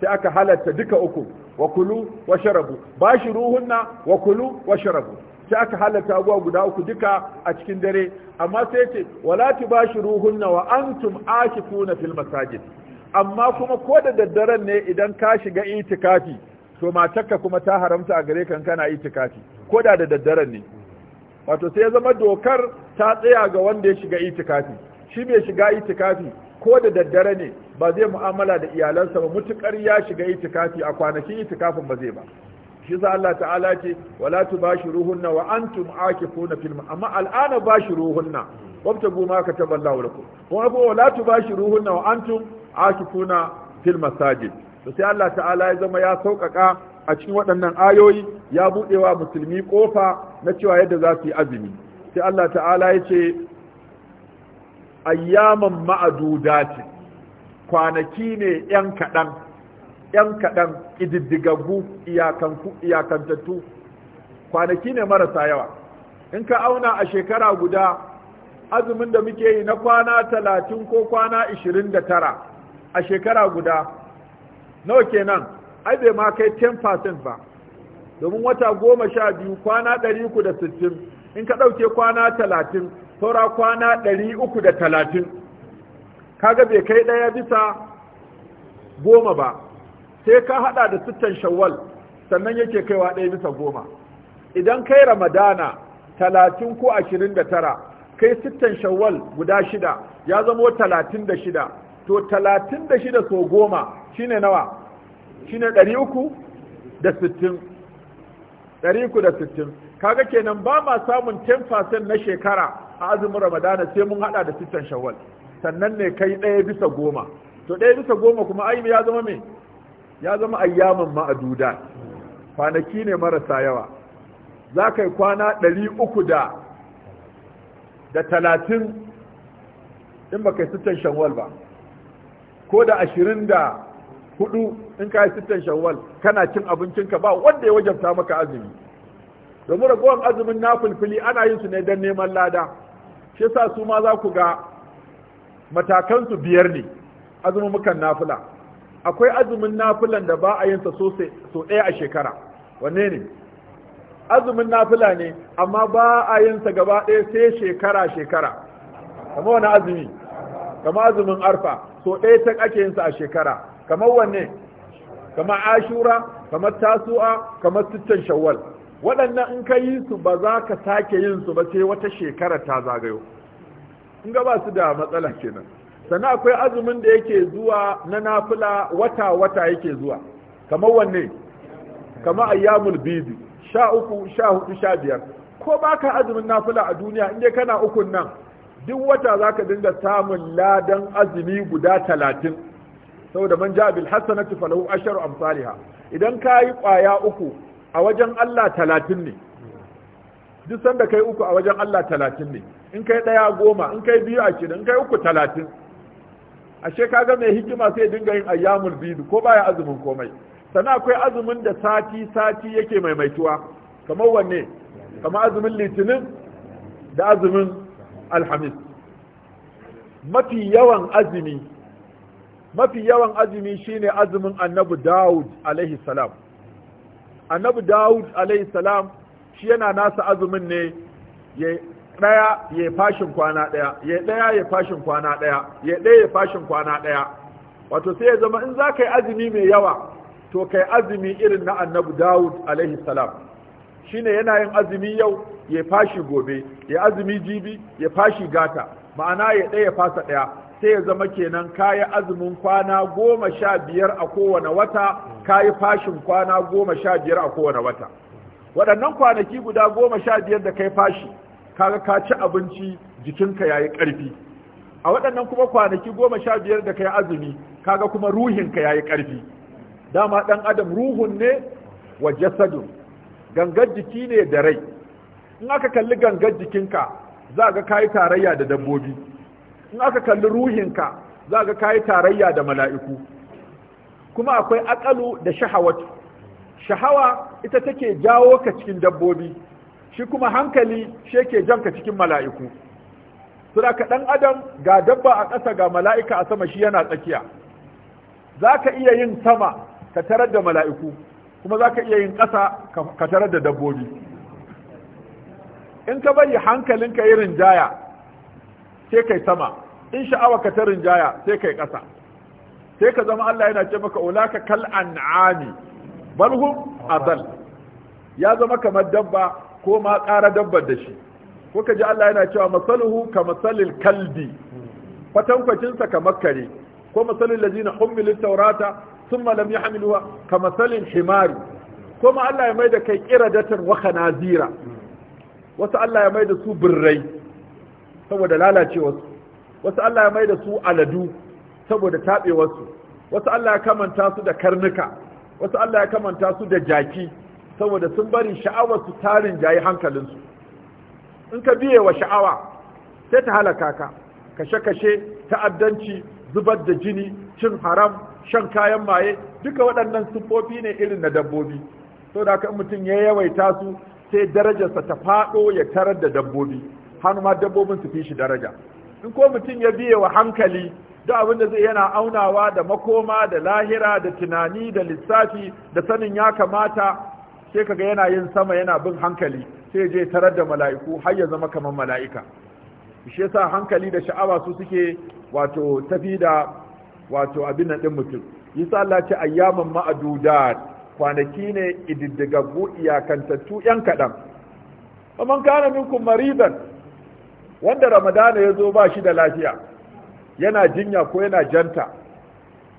sai aka halatta duka uku wa kulu washrabu bashiruhunna wa kulu washrabu sai aka halatta abuwa guda uku duka a cikin dare amma sai ce wala tubashiruhunna wa antum akifuna fil masajid amma kuma ko da daddaren ne idan ka shiga itikafi to matarka kuma ta haramta a gare kan kana itikafi ko da da daddaren ne wato sai ya zama dokar ta tsaya ga wanda ya shiga itikafi shi bai shiga itikafi ko da daddare ne ba zai mu'amala da iyalansa ba mutukar ya shiga itikafi a kwanakin itikafin ba zai ba shi sa Allah ta'ala ce wala tubashiruhunna wa antum akifuna fil amma al'ana bashiruhunna wabtagu ma ka lakum kuma ko wala tubashiruhunna wa antum akifuna fil masajid to sai Allah ta'ala ya zama ya sauƙaƙa a cikin waɗannan ayoyi ya buɗewa musulmi ƙofa na cewa yadda za su yi azumi sai Allah ta'ala ya ce ayyaman ma'adudatin kwanaki ne 'yan kaɗan 'yan kaɗan ƙididdigaggu iyakantattu kwanaki ne marasa yawa in ka auna a shekara guda azumin da muke yi na kwana talatin ko kwana ishirin da tara a shekara guda nawa kenan ai bai ma kai 10% ba domin wata goma sha biyu kwana ɗari uku da sittin in ka ɗauke kwana talatin saura kwana ɗari uku da talatin kaga bai kai ɗaya bisa goma ba sai ka hada da sittan shawwal sannan yake kaiwa ɗaya bisa goma idan kai ramadana talatin ko ashirin da tara kai sittan shawwal guda shida ya zamo talatin da shida to talatin da shida so goma shine nawa shine ɗari uku da sittin ɗari uku da sittin kaga kenan ba ma samun 10% na shekara a azumin ramadana sai mun hada da sittan shawwal sannan ne kai ɗaya bisa goma to ɗaya bisa goma kuma ai ya zama me ya zama ayyamin ma'aduda kwanaki ne marasa yawa za ka yi kwana ɗari uku da da talatin in ba ka yi sittan shanwal ba ko da ashirin da hudu in ka yi sittan wal. kana cin abincinka ba wanda ya wajabta maka azumi domin ragowar azumin na fulfili ana yin su ne don neman lada shi sa su ma za ku ga matakansu biyar ne azumin mukan nafila akwai azumin nafilan da ba a yin sa so ɗaya a shekara wanne ne azumin nafila ne amma ba a yin sa gaba ɗaya sai shekara shekara kama wani azumi kama azumin arfa so ɗaya ta ake yin sa a shekara Kama wanne kama ashura kama tasu'a kama sittan shawwal waɗannan in ka yi su ba za ka sake yin su ba sai wata shekara ta zagayo in ga ba su da matsala kenan sannan akwai azumin da yake zuwa na nafila wata-wata yake zuwa kamar wanne kamar ayyamul bibi sha uku sha hudu sha biyar ko baka azumin nafila a duniya inda kana ukun nan duk wata za ka dinga samun ladan azumi guda talatin saboda man ja bil hasanati falahu asharu amsalha idan ka yi kwaya uku a wajen Allah talatin ne duk sanda kai uku a wajen Allah talatin ne in kai daya goma in kai biyu a shirin in kai uku talatin ashe ka ga mai hikima sai dinga yin ayyamul bid ko baya azumin komai sana akwai azumin da sati sati yake maimaituwa kamar wanne kamar azumin litinin da azumin alhamis mafi yawan azumi mafi yawan azumi shine azumin annabi da'ud alaihi salam annabi daud alaihi salam shi yana nasa azumin ne ɗaya ya fashin kwana ɗaya ya ɗaya ya fashin kwana ɗaya ya ɗaya ya fashin kwana ɗaya wato sai ya zama in za ka yi azumi mai yawa to kai azumi irin na Annabu dawud alaihi salam shine yana yin azumi yau ya fashi gobe ya azumi jibi ya fashi gata ma'ana ya ɗaya fasa ɗaya sai ya zama kenan ka yi azumin kwana goma sha biyar a kowane wata ka yi fashin kwana goma sha biyar a kowane wata waɗannan kwanaki guda goma sha biyar da kai fashi kaga ka ci abinci jikinka yayi karfi a waɗannan kuma kwanaki goma sha biyar da kai azumi kaga kuma ruhinka yayi karfi dama ɗan adam ruhun ne wa jasadun gangar jiki ne da rai in aka kalli gangar jikinka za ga kayi tarayya da dabbobi in aka kalli ruhinka za ga kayi tarayya da mala'iku kuma akwai akalu da shahawatu shahawa ita take jawo ka cikin dabbobi shi kuma hankali shi yake janka cikin mala'iku suraka ka ɗan adam ga dabba a ƙasa ga mala'ika a sama shi yana tsakiya za ka iya yin sama ka tarar da mala'iku kuma za ka iya yin ƙasa ka tarar da dabbobi in ka bari hankalinka yi rinjaya sai kai sama in sha'awa ka ta rinjaya sai kai ƙasa sai ka zama Allah yana ce maka ulaka kal an'ami bal hum adal ya zama kamar dabba ko ma ƙara dabbar da shi Ko ka ji Allah yana cewa masaluhu ka masalil kalbi fatankwacinsa kamar kare ko masalin lazina ummilu taurata sun malam ya hamiluwa ka masalin himari ko ma Allah ya mai da kai kiradatar waka nazira wasu Allah ya mai da su birrai saboda lalacewarsu wasu Allah ya mai da su aladu saboda taɓewarsu wasu Allah ya kamanta su da karnuka wasu Allah ya kamanta su da jaki saboda sun bari sha'awar su tarin jayi hankalinsu in ka biye wa sha'awa sai ta halaka ka kashe-kashe ta'addanci zubar da jini cin haram shan kayan maye duka waɗannan siffofi ne irin na dabbobi so da haka mutum ya yawaita su sai darajarsa ta faɗo ya tarar da dabbobi hannu ma dabbobin su fi shi daraja in ko mutum ya biye wa hankali duk abin da zai yana aunawa da makoma da lahira da tunani da lissafi da sanin ya kamata sai kaga yana yin sama yana bin hankali sai je tarar da mala'iku har ya zama kamar mala'ika shi yasa hankali da sha'awa su suke wato tafi da wato abin nan din mutum yasa Allah ce ayyaman ma'adudat kwanaki ne ididdigaggu iyakantattu yan kadan man kana minkum maridan wanda ramadana ya zo ba shi da lafiya yana jinya ko yana janta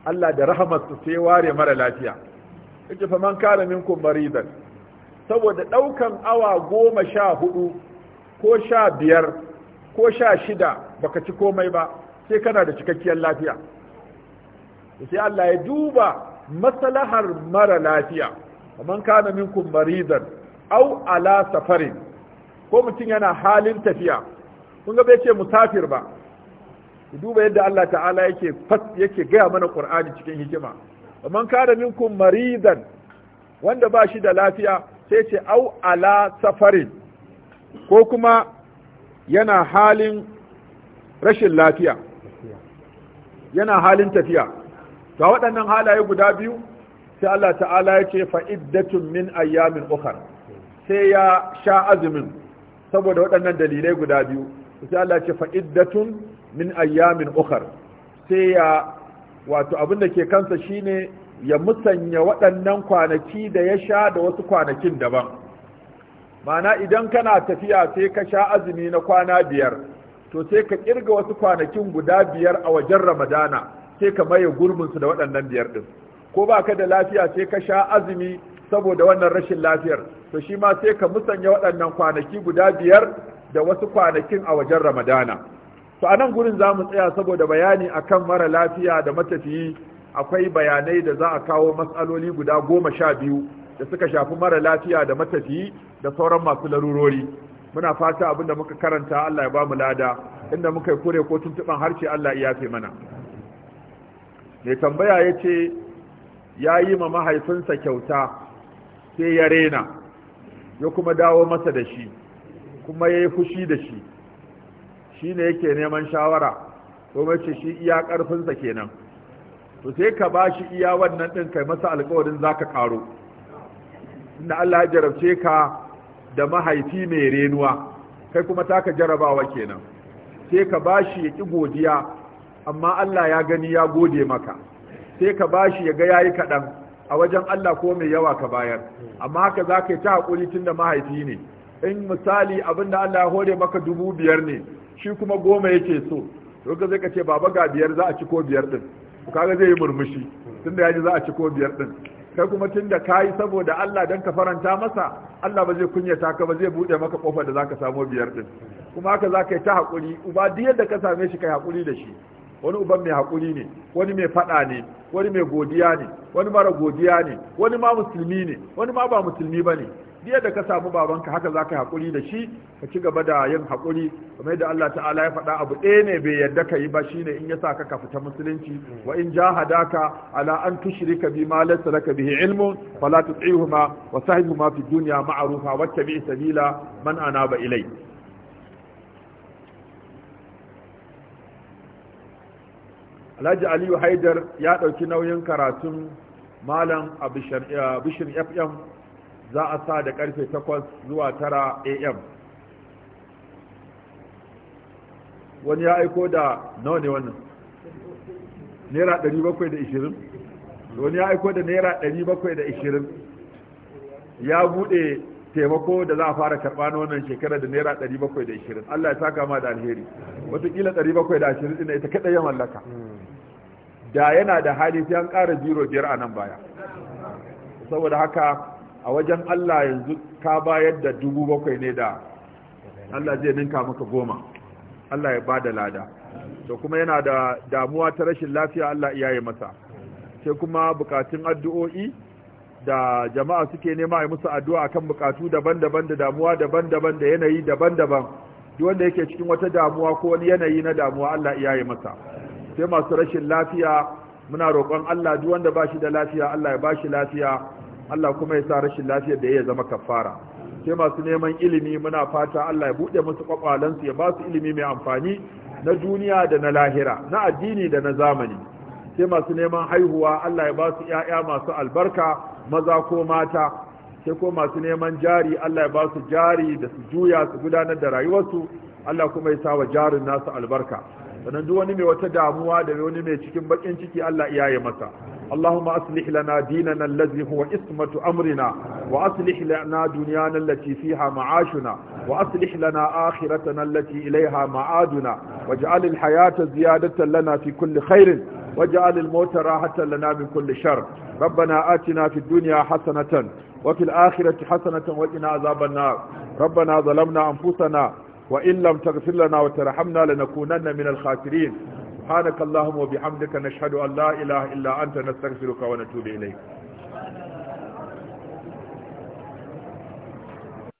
Allah da rahamarsa sai ware mara lafiya yake fa man kana minkum maridan saboda ɗaukan awa goma sha hudu ko sha biyar ko sha shida baka ci komai ba sai kana da cikakkiyar lafiya sai Allah ya duba masalahar mara lafiya kamar kana minkum maridan aw ala safarin ko mutum yana halin tafiya kun ga bai ce musafir ba duba yadda Allah ta'ala yake fas yake gaya mana Qur'ani cikin hikima kamar kana minkum maridan wanda ba shi da lafiya sai ce au ala safarin ko kuma yana halin rashin lafiya yana halin tafiya ga waɗannan halaye guda biyu sai Allah ta'ala ya ce fa'iddatun min ayyamin ukhra sai ya sha azumin saboda waɗannan dalilai guda biyu sai Allah ya ce fa'iddatun min ayyamin ukar sai ya wato abin da ke kansa shine ya musanya waɗannan kwanaki da ya sha da wasu kwanakin daban mana idan kana tafiya sai ka sha azumi na kwana biyar to sai ka kirga wasu kwanakin guda biyar a wajen ramadana sai ka maye gurbinsu da waɗannan biyar ɗin ko ba ka da lafiya sai ka sha azumi saboda wannan rashin lafiyar to shi ma sai ka musanya waɗannan kwanaki guda biyar da wasu kwanakin a wajen ramadana to a nan gurin za mu tsaya saboda bayani akan mara lafiya da matafiyi akwai bayanai da za a kawo matsaloli guda goma sha biyu da suka shafi mara lafiya da matafiyi da sauran masu larurori muna fata abin da muka karanta Allah ya ba mu lada inda muka yi kure ko tuntuɓan harshe Allah ya yafe mana mai tambaya ya ce ya yi ma mahaifinsa kyauta sai ya rena ya kuma dawo masa da shi kuma ya yi fushi da shi shi ne yake neman shawara kuma ce shi iya ƙarfinsa kenan to sai ka ba shi iya wannan ɗin kai masa alkawarin za ka ƙaro inda Allah ya jarabce ka da mahaifi mai renuwa kai kuma taka jarabawa kenan sai ka ba shi ya ki godiya amma Allah ya gani ya gode maka sai ka ba shi ya ga yayi kaɗan a wajen Allah ko mai yawa ka bayar amma haka za ka yi ta haƙuri tun da mahaifi ne in misali abin da Allah ya hore maka dubu biyar ne shi kuma goma yake so to ka zai ka ce baba ga biyar za a ci ko biyar ɗin kaga zai yi murmushi tunda ya ji za a ci ko biyar ɗin. kai kuma tunda ka yi saboda Allah dan ka faranta masa Allah ba zai kunyata ka ba zai buɗe maka ƙofar da za ka samo biyar ɗin. kuma haka za ka yi ta haƙuri uba duk yadda ka same shi ka yi haƙuri da shi wani uban mai haƙuri ne wani mai faɗa ne wani mai godiya ne wani mara godiya ne wani ma musulmi ne wani ma ba musulmi ba ne biya da ka samu babanka haka za ka haƙuri da shi ka ci gaba da yin haƙuri kamar da Allah ta'ala ya faɗa abu ɗaya ne bai yarda ka yi ba shine in ya sa ka ka fita musulunci wa in ka ala an ka bi ma laysa laka bihi ilmun fala tuti'huma wa sahibhuma fi dunya ma'rufa wattabi sabila man anaba ilai Alhaji Aliyu Haidar ya ɗauki nauyin karatun Malam Abishir eh, FM za a sa da karfe 8 zuwa 9 am wani ya aiko da nawa ne wannan naira 720 wani ya aiko da naira 720 ya bude taimako da za a fara karɓa na wannan shekarar da naira 720 Allah ya saka ma da alheri watakila 720 din ita kaɗai ya mallaka da yana da hali sai an kara 0 biyar a nan baya saboda haka a wajen Allah yanzu ka bayar da dubu bakwai ne da Allah zai ninka maka goma Allah ya ba da lada to kuma yana da damuwa ta rashin lafiya Allah yi masa sai kuma bukatun addu'o'i da jama'a suke nema a musu addu'a akan bukatu daban-daban da damuwa daban-daban da yanayi daban-daban duk wanda yake cikin wata damuwa ko wani yanayi na damuwa Allah yi masa sai masu rashin lafiya muna roƙon Allah duk wanda ba shi da lafiya Allah ya ba shi lafiya Allah kuma ya sa rashin lafiyar da ya zama kafara sai masu neman ilimi muna fata Allah ya buɗe musu ƙwaƙwalansu ya ba su ilimi mai amfani na duniya da na lahira na addini da na zamani sai masu neman haihuwa Allah ya ba su ‘ya'ya masu albarka maza ko mata sai ko masu neman jari Allah ya ba su jari da su juya su gudanar da rayuwarsu Allah kuma ya sa wa jarin nasu albarka sannan duk wani mai wata damuwa da wani mai cikin bakin ciki Allah iyaye masa اللهم أصلح لنا ديننا الذي هو اسمة أمرنا وأصلح لنا دنيانا التي فيها معاشنا وأصلح لنا آخرتنا التي إليها معادنا واجعل الحياة زيادة لنا في كل خير واجعل الموت راحة لنا من كل شر ربنا آتنا في الدنيا حسنة وفي الآخرة حسنة وقنا عذاب النار ربنا ظلمنا أنفسنا وإن لم تغفر لنا وترحمنا لنكونن من الخاسرين subhanakallahumma wa bihamdika nashhadu an la ilaha illa anta nastaghfiruka wa natubu ilayk